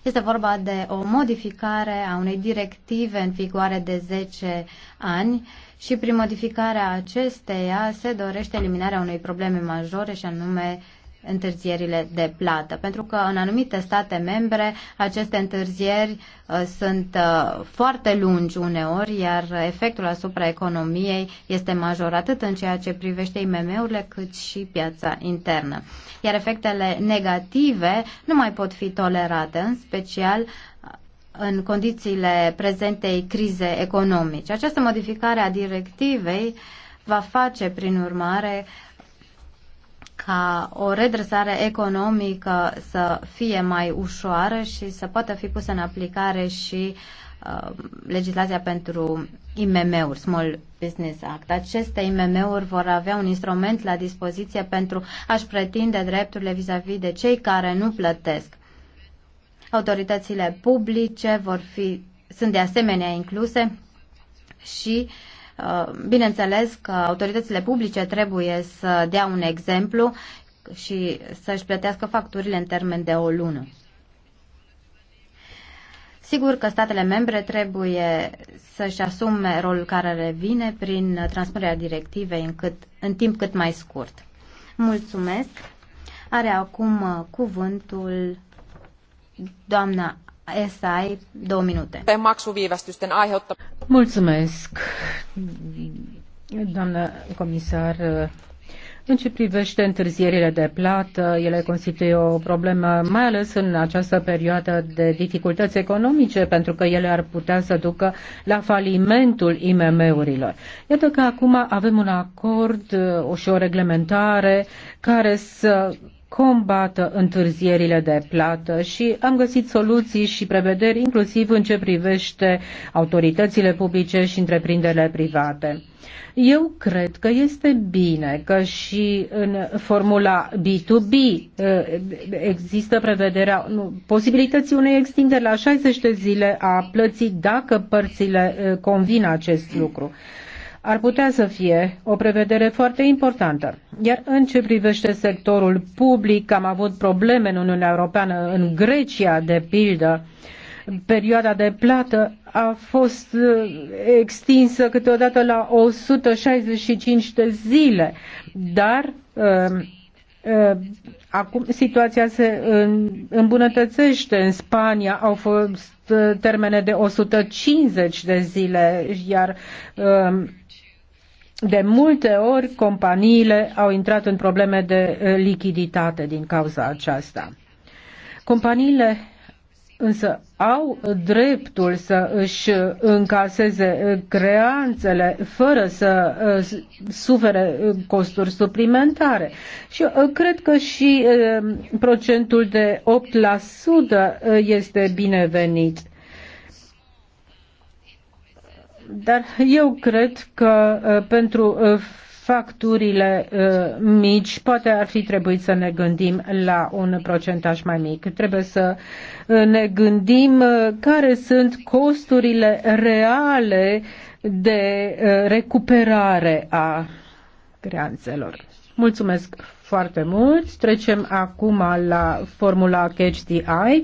Speaker 3: Este vorba de o modificare a unei directive în vigoare de 10 ani și prin modificarea acesteia se dorește eliminarea unei probleme majore și anume întârzierile de plată, pentru că în anumite state membre aceste întârzieri uh, sunt uh, foarte lungi uneori, iar efectul asupra economiei este major atât în ceea ce privește IMM-urile cât și piața internă. Iar efectele negative nu mai pot fi tolerate, în special uh, în condițiile prezentei crize economice. Această modificare a directivei va face, prin urmare, uh, ca o redresare economică să fie mai ușoară și să poată fi pusă în aplicare și uh, legislația pentru IMM-uri, Small Business Act. Aceste IMM-uri vor avea un instrument la dispoziție pentru a-și pretinde drepturile vis-a-vis -vis de cei care nu plătesc. Autoritățile publice vor fi, sunt de asemenea incluse și uh, Bineînțeles că autoritățile publice trebuie să dea un exemplu și să-și plătească facturile în termen de o lună. Sigur că statele membre trebuie să-și asume rolul care revine prin transpunerea directivei în, cât, în timp cât mai scurt. Mulțumesc. Are acum uh, cuvântul doamna Esai, două minute. Pe maksuviivästysten aiheutta... Mulțumesc,
Speaker 2: doamnă comisar. În ce privește întârzierile de plată, ele constituie o problemă, mai ales în această perioadă de dificultăți economice, pentru că ele ar putea să ducă la falimentul IMM-urilor. Iată că acum avem un acord o uh, și o reglementare care să combată întârzierile de plată și am găsit soluții și prevederi inclusiv în ce privește autoritățile publice și întreprinderile private. Eu cred că este bine că și în formula B2B eh, există prevederea posibilității unei extinderi la 60 de zile a plății dacă părțile eh, convin acest lucru ar putea să fie o prevedere foarte importantă. Iar în ce privește sectorul public, am avut probleme în Uniunea Europeană, în Grecia, de pildă, perioada de plată a fost uh, extinsă câteodată la 165 de zile, dar um, uh, Acum situația se îmbunătățește. În Spania au fost uh, termene de 150 de zile, iar um, de multe ori companiile au intrat în probleme de eh, lichiditate din cauza aceasta. Companiile însă au dreptul să își eh, încaseze eh, creanțele fără să sufere costuri suplimentare. Și cred că și procentul de 8% este binevenit. Dar eu cred că uh, pentru uh, facturile uh, mici poate ar fi trebuit să ne gândim la un procentaj mai mic. Trebuie să ne gândim care sunt costurile reale de recuperare a creanțelor. Mulțumesc foarte mult. Trecem acum la formula Catch the Eye.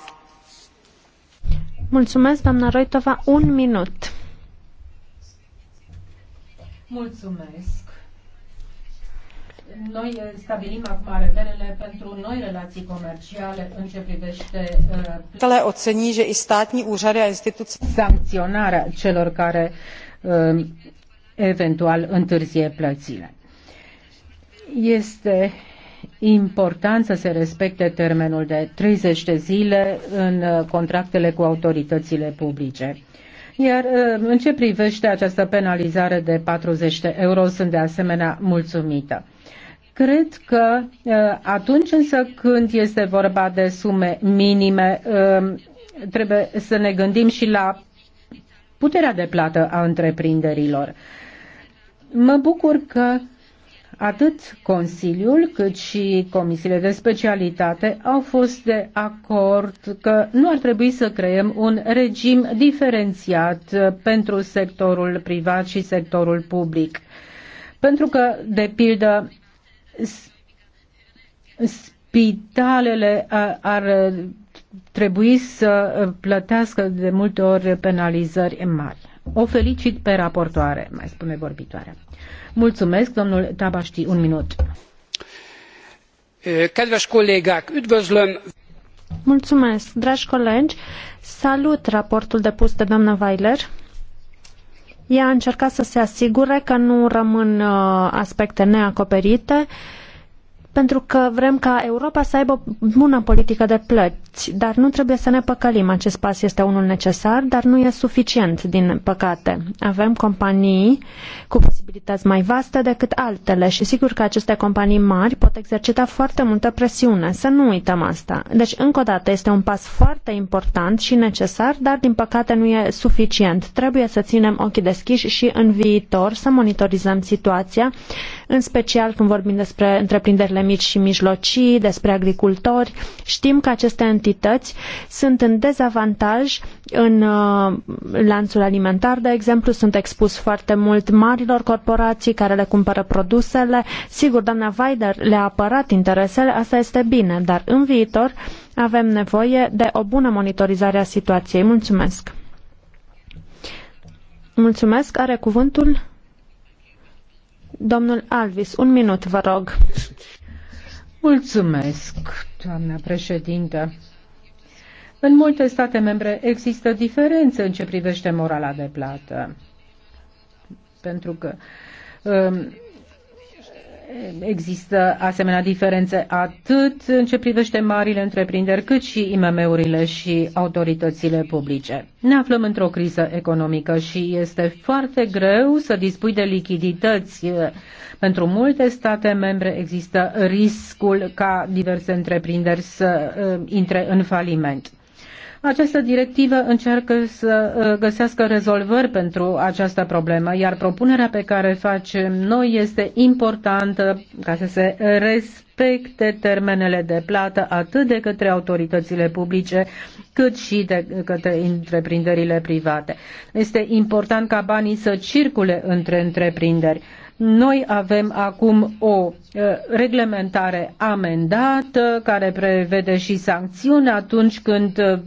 Speaker 1: Mulțumesc, doamna Roitova. Un minut.
Speaker 2: Mulțumesc. Noi stabilim acum reperele pentru noi relații comerciale în ce privește... Uh, oceni že i statni úřady a instituții... Sancționarea celor care uh, eventual întârzie plățile. Este important să se respecte termenul de 30 de zile în uh, contractele cu autoritățile publice. Iar uh, în ce privește această penalizare de 40 de euro, sunt de asemenea mulțumită. Cred că uh, atunci însă când este vorba de sume minime, um, trebuie să ne gândim și la puterea de plată a întreprinderilor. Mă bucur că atât Consiliul cât și comisiile de specialitate au fost de acord că nu ar trebui să creăm un regim diferențiat pentru sectorul privat și sectorul public. Pentru că, de pildă, spitalele ar trebui să plătească de multe ori penalizări mari. O felicit pe raportoare, mai spune vorbitoarea. Mulțumesc, domnul Tabaști, un minut.
Speaker 4: Eh, kedves kollégák, üdvözlöm!
Speaker 1: Mulțumesc, dragi colegi! Salut raportul depus de doamna Weiler. Ea a încercat să se asigure că nu rămân uh, aspecte neacoperite pentru că vrem ca Europa să aibă o bună politică de plăți, dar nu trebuie să ne păcălim. Acest pas este unul necesar, dar nu e suficient, din păcate. Avem companii cu posibilități mai vaste decât altele și sigur că aceste companii mari pot exercita foarte multă presiune. Să nu uităm asta. Deci, încă o dată, este un pas foarte important și necesar, dar din păcate nu e suficient. Trebuie să ținem ochii deschiși și în viitor să monitorizăm situația în special când vorbim despre întreprinderile mici și mijlocii, despre agricultori. Știm că aceste entități sunt în dezavantaj în uh, lanțul alimentar, de exemplu, sunt expus foarte mult marilor corporații care le cumpără produsele. Sigur, doamna Weider le-a apărat interesele, asta este bine, dar în viitor avem nevoie de o bună monitorizare a situației. Mulțumesc! Mulțumesc. Are cuvântul
Speaker 2: Domnul Alvis, un minut, vă rog. Mulțumesc, doamna președintă. În multe state membre există diferențe în ce privește morala de plată. Pentru că um, există asemenea diferențe atât în ce privește marile întreprinderi, cât și IMM-urile și autoritățile publice. Ne aflăm într-o criză economică și este foarte greu să dispui de lichidități. Pentru multe state membre există riscul ca diverse întreprinderi să uh, intre în faliment. Această directivă încearcă să uh, găsească rezolvări pentru această problemă, iar propunerea pe care facem noi este importantă ca să se respecte termenele de plată atât de către autoritățile publice, cât și de către întreprinderile private. Este important ca banii să circule între întreprinderi. Noi avem acum o uh, reglementare amendată care prevede și sancțiuni atunci când uh,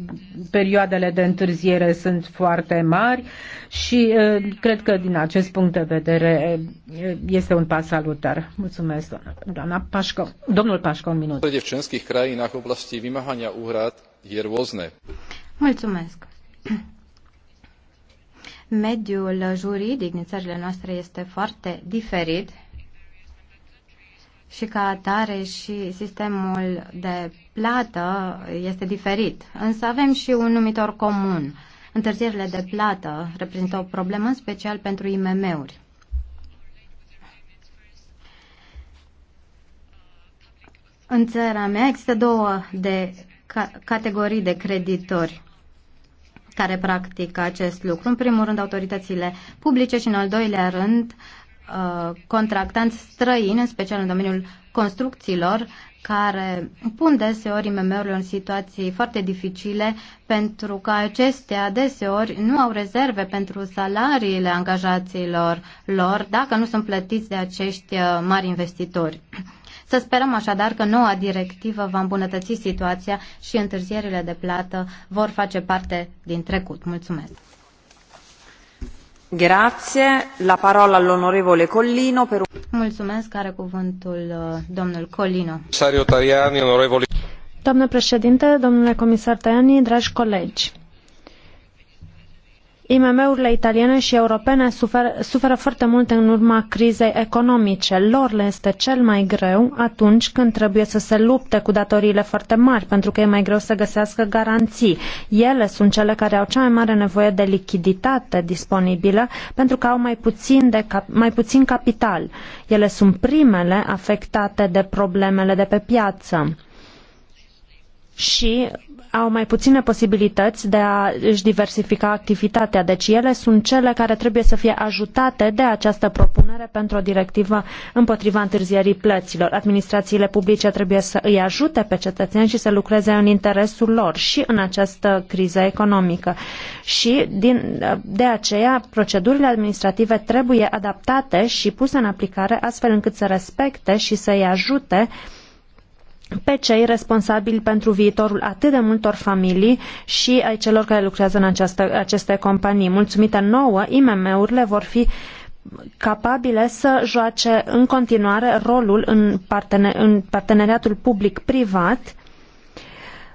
Speaker 2: perioadele de întârziere sunt foarte mari și uh, cred că din acest punct de vedere este un pas salutar. Mulțumesc, doamna Pașco. Domnul Pașco, un minut. V členských
Speaker 1: oblasti vymáhania úhrad je
Speaker 3: Mulțumesc. Mediul juridic din țările noastre este foarte diferit și ca atare și sistemul de plată este diferit. Însă avem și un numitor comun. Întârzierile de plată reprezintă o problemă în special pentru IMM-uri. În țara mea există două de ca- categorii de creditori care practică acest lucru. În primul rând, autoritățile publice și, în al doilea rând, uh, contractanți străini, în special în domeniul construcțiilor, care pun deseori IMM-urile în situații foarte dificile pentru că acestea deseori nu au rezerve pentru salariile angajaților lor dacă nu sunt plătiți de acești uh, mari investitori. Să sperăm așadar că noua directivă va îmbunătăți situația și întârzierile de plată vor face parte din trecut. Mulțumesc! Grazie. La parola all'onorevole Collino per... Mulțumesc, are cuvântul uh, domnul Collino. Sario onorevoli... președinte, domnule comisar Tajani, dragi colegi,
Speaker 1: IMM-urile italiene și europene suferă, suferă foarte mult în urma crizei economice. Lor le este cel mai greu atunci când trebuie să se lupte cu datoriile foarte mari, pentru că e mai greu să găsească garanții. Ele sunt cele care au cea mai mare nevoie de lichiditate disponibilă, pentru că au mai puțin, de cap, mai puțin capital. Ele sunt primele afectate de problemele de pe piață. Și au mai puține posibilități de a își diversifica activitatea. Deci ele sunt cele care trebuie să fie ajutate de această propunere pentru o directivă împotriva întârzierii plăților. Administrațiile publice trebuie să îi ajute pe cetățeni și să lucreze în interesul lor și în această criză economică. Și din, de aceea procedurile administrative trebuie adaptate și puse în aplicare astfel încât să respecte și să îi ajute pe cei responsabili pentru viitorul atât de multor familii și ai celor care lucrează în această, aceste companii. Mulțumită nouă, IMM-urile vor fi capabile să joace în continuare rolul în, partene- în parteneriatul public-privat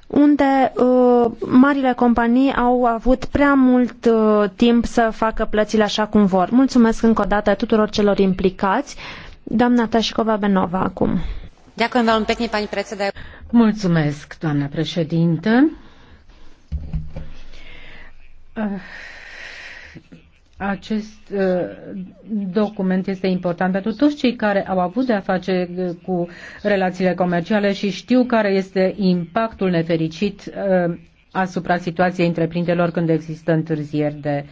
Speaker 1: unde uh, marile companii au avut prea mult uh, timp să facă plățile așa cum vor. Mulțumesc încă o dată tuturor celor implicați. Doamna Tașicova Benova acum. Mulțumesc,
Speaker 2: doamnă ah, Acest eh, document este important pentru toți cei care au avut de-a face eh, cu relațiile comerciale și știu care este impactul nefericit eh, asupra situației întreprinderilor când există întârzieri de plată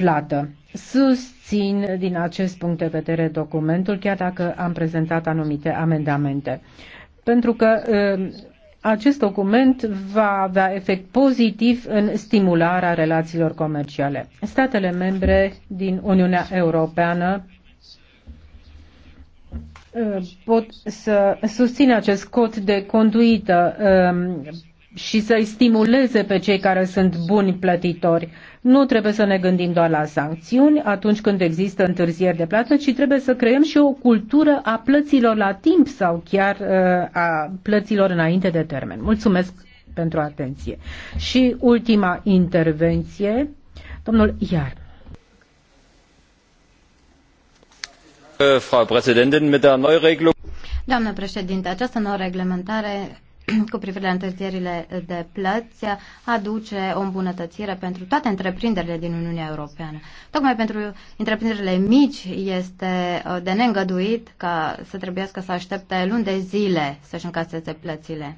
Speaker 2: plată. Susțin din acest punct de vedere documentul, chiar dacă am prezentat anumite amendamente. Pentru că um, acest document va avea efect pozitiv în stimularea relațiilor comerciale. Statele membre din Uniunea Europeană uh, pot să susțină acest cod de conduită um, și să-i stimuleze pe cei care sunt buni plătitori. Nu trebuie să ne gândim doar la sancțiuni atunci când există întârzieri de plată, ci trebuie să creăm și o cultură a plăților la timp sau chiar uh, a plăților înainte de termen. Mulțumesc pentru atenție. Și ultima intervenție,
Speaker 3: domnul Iar. Frau Doamnă președinte, această nouă reglementare (clears throat) cu privire la întârzierile de plăți aduce o îmbunătățire pentru toate întreprinderile din Uniunea Europeană. Tocmai pentru întreprinderile mici este uh, de neîngăduit ca să trebuiască să aștepte luni de zile să-și încaseze plățile.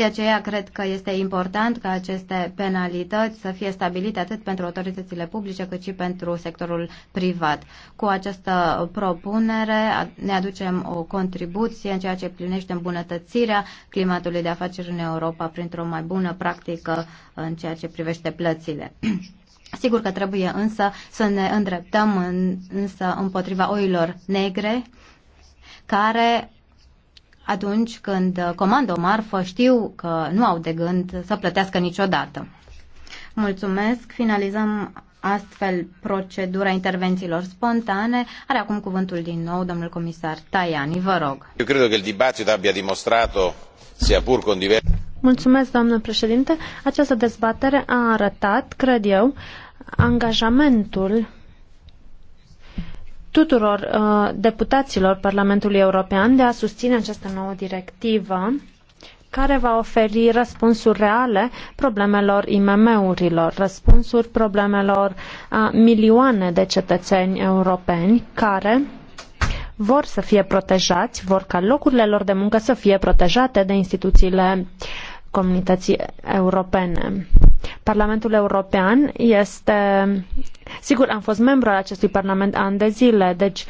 Speaker 3: De aceea cred că este important ca aceste penalități să fie stabilite atât pentru autoritățile publice cât și pentru sectorul privat. Cu această propunere ne aducem o contribuție în ceea ce plinește îmbunătățirea climatului de afaceri în Europa printr-o mai bună practică în ceea ce privește plățile. Sigur că trebuie însă să ne îndreptăm în, însă împotriva oilor negre care atunci când uh, comandă o marfă știu că nu au de gând să plătească niciodată. Mulțumesc. Finalizăm astfel procedura intervențiilor spontane. Are acum cuvântul din nou domnul comisar Tajani. Vă rog. Eu cred că dibattito a demonstrat sia pur con diverse.
Speaker 1: Mulțumesc, doamnă președinte. Această dezbatere a arătat, cred eu, angajamentul tuturor uh, deputaților Parlamentului European de a susține această nouă directivă care va oferi răspunsuri reale problemelor IMM-urilor, răspunsuri problemelor a milioane de cetățeni europeni care vor să fie protejați, vor ca locurile lor de muncă să fie protejate de instituțiile comunității europene. Parlamentul European este... Sigur, am fost membru al acestui Parlament ani de zile, deci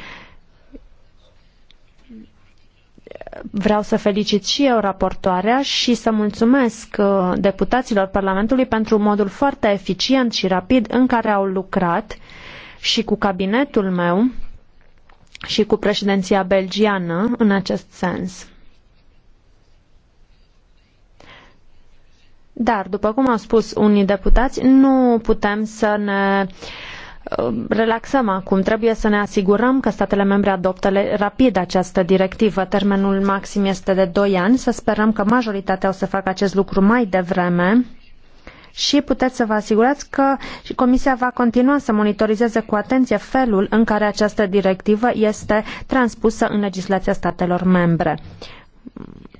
Speaker 1: vreau să felicit și eu raportoarea și să mulțumesc uh, deputaților Parlamentului pentru modul foarte eficient și rapid în care au lucrat și cu cabinetul meu și cu președinția belgiană în acest sens. Dar, după cum au spus unii deputați, nu putem să ne um, relaxăm acum. Trebuie să ne asigurăm că statele membre adoptă rapid această directivă. Termenul maxim este de 2 ani. Să sperăm că majoritatea o să facă acest lucru mai devreme și puteți să vă asigurați că Comisia va continua să monitorizeze cu atenție felul în care această directivă este transpusă în legislația statelor membre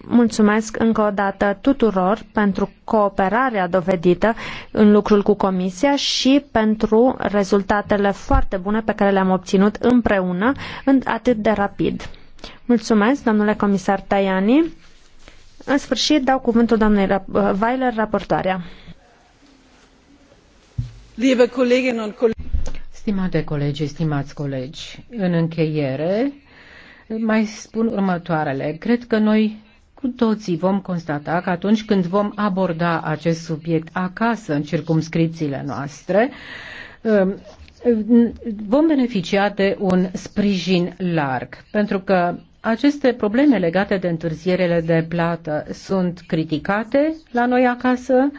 Speaker 1: mulțumesc încă o dată tuturor pentru cooperarea dovedită în lucrul cu Comisia și pentru rezultatele foarte bune pe care le-am obținut împreună atât de rapid. Mulțumesc, domnule comisar Tajani. În sfârșit, dau cuvântul doamnei
Speaker 2: Weiler, raportoarea. Stimate colegi, stimați colegi, în încheiere mai spun următoarele. Cred că noi cu toții vom constata că atunci când vom aborda acest subiect acasă, în circumscripțiile noastre, um, vom beneficia de un sprijin larg, pentru că aceste probleme legate de întârzierele de plată sunt criticate la noi acasă,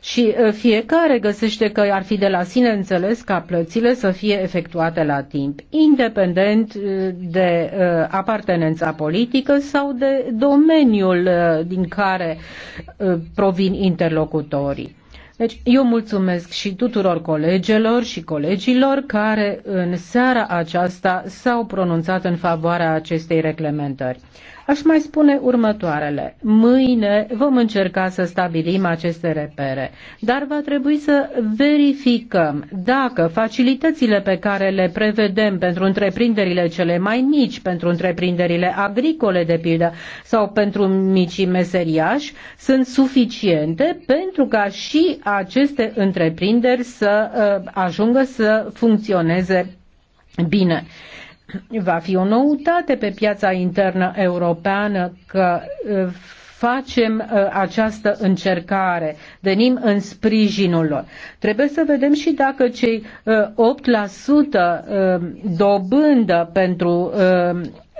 Speaker 2: și fiecare găsește că ar fi de la sine înțeles ca plățile să fie efectuate la timp, independent de apartenența politică sau de domeniul din care provin interlocutorii. Deci eu mulțumesc și tuturor colegelor și colegilor care în seara aceasta s-au pronunțat în favoarea acestei reglementări. Aș mai spune următoarele. Mâine vom încerca să stabilim aceste repere, dar va trebui să verificăm dacă facilitățile pe care le prevedem pentru întreprinderile cele mai mici, pentru întreprinderile agricole, de pildă, sau pentru micii meseriași, sunt suficiente pentru ca și aceste întreprinderi să uh, ajungă să funcționeze bine va fi o noutate pe piața internă europeană că facem această încercare, venim în sprijinul lor. Trebuie să vedem și dacă cei 8% dobândă pentru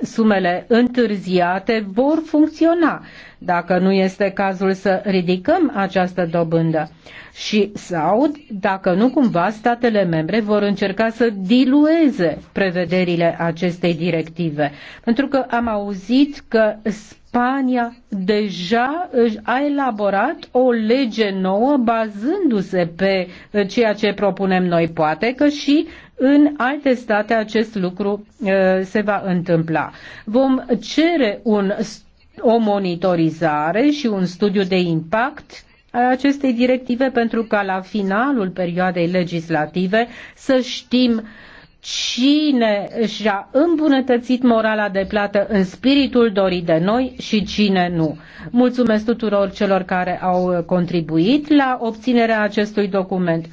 Speaker 2: sumele întârziate vor funcționa dacă nu este cazul să ridicăm această dobândă și sau dacă nu cumva statele membre vor încerca să dilueze prevederile acestei directive. Pentru că am auzit că Spania deja a elaborat o lege nouă bazându-se pe ceea ce propunem noi. Poate că și în alte state acest lucru uh, se va întâmpla. Vom cere un studiu o monitorizare și un studiu de impact a acestei directive pentru ca la finalul perioadei legislative să știm cine și-a îmbunătățit morala de plată în spiritul dorit de noi și cine nu. Mulțumesc tuturor celor care au contribuit la obținerea acestui document.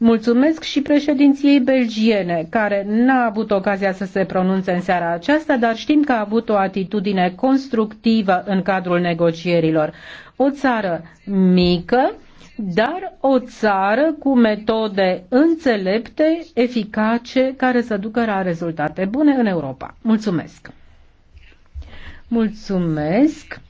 Speaker 2: Mulțumesc și președinției belgiene, care n-a avut ocazia să se pronunțe în seara aceasta, dar știm că a avut o atitudine constructivă în cadrul negocierilor. O țară mică, dar o țară cu metode înțelepte, eficace, care să ducă la rezultate bune în Europa. Mulțumesc! Mulțumesc!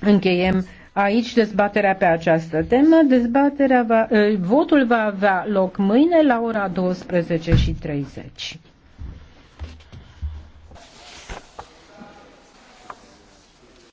Speaker 2: Încheiem aici dezbaterea pe această temă. Dezbaterea va, eh, votul va avea loc mâine la ora 12 și 30.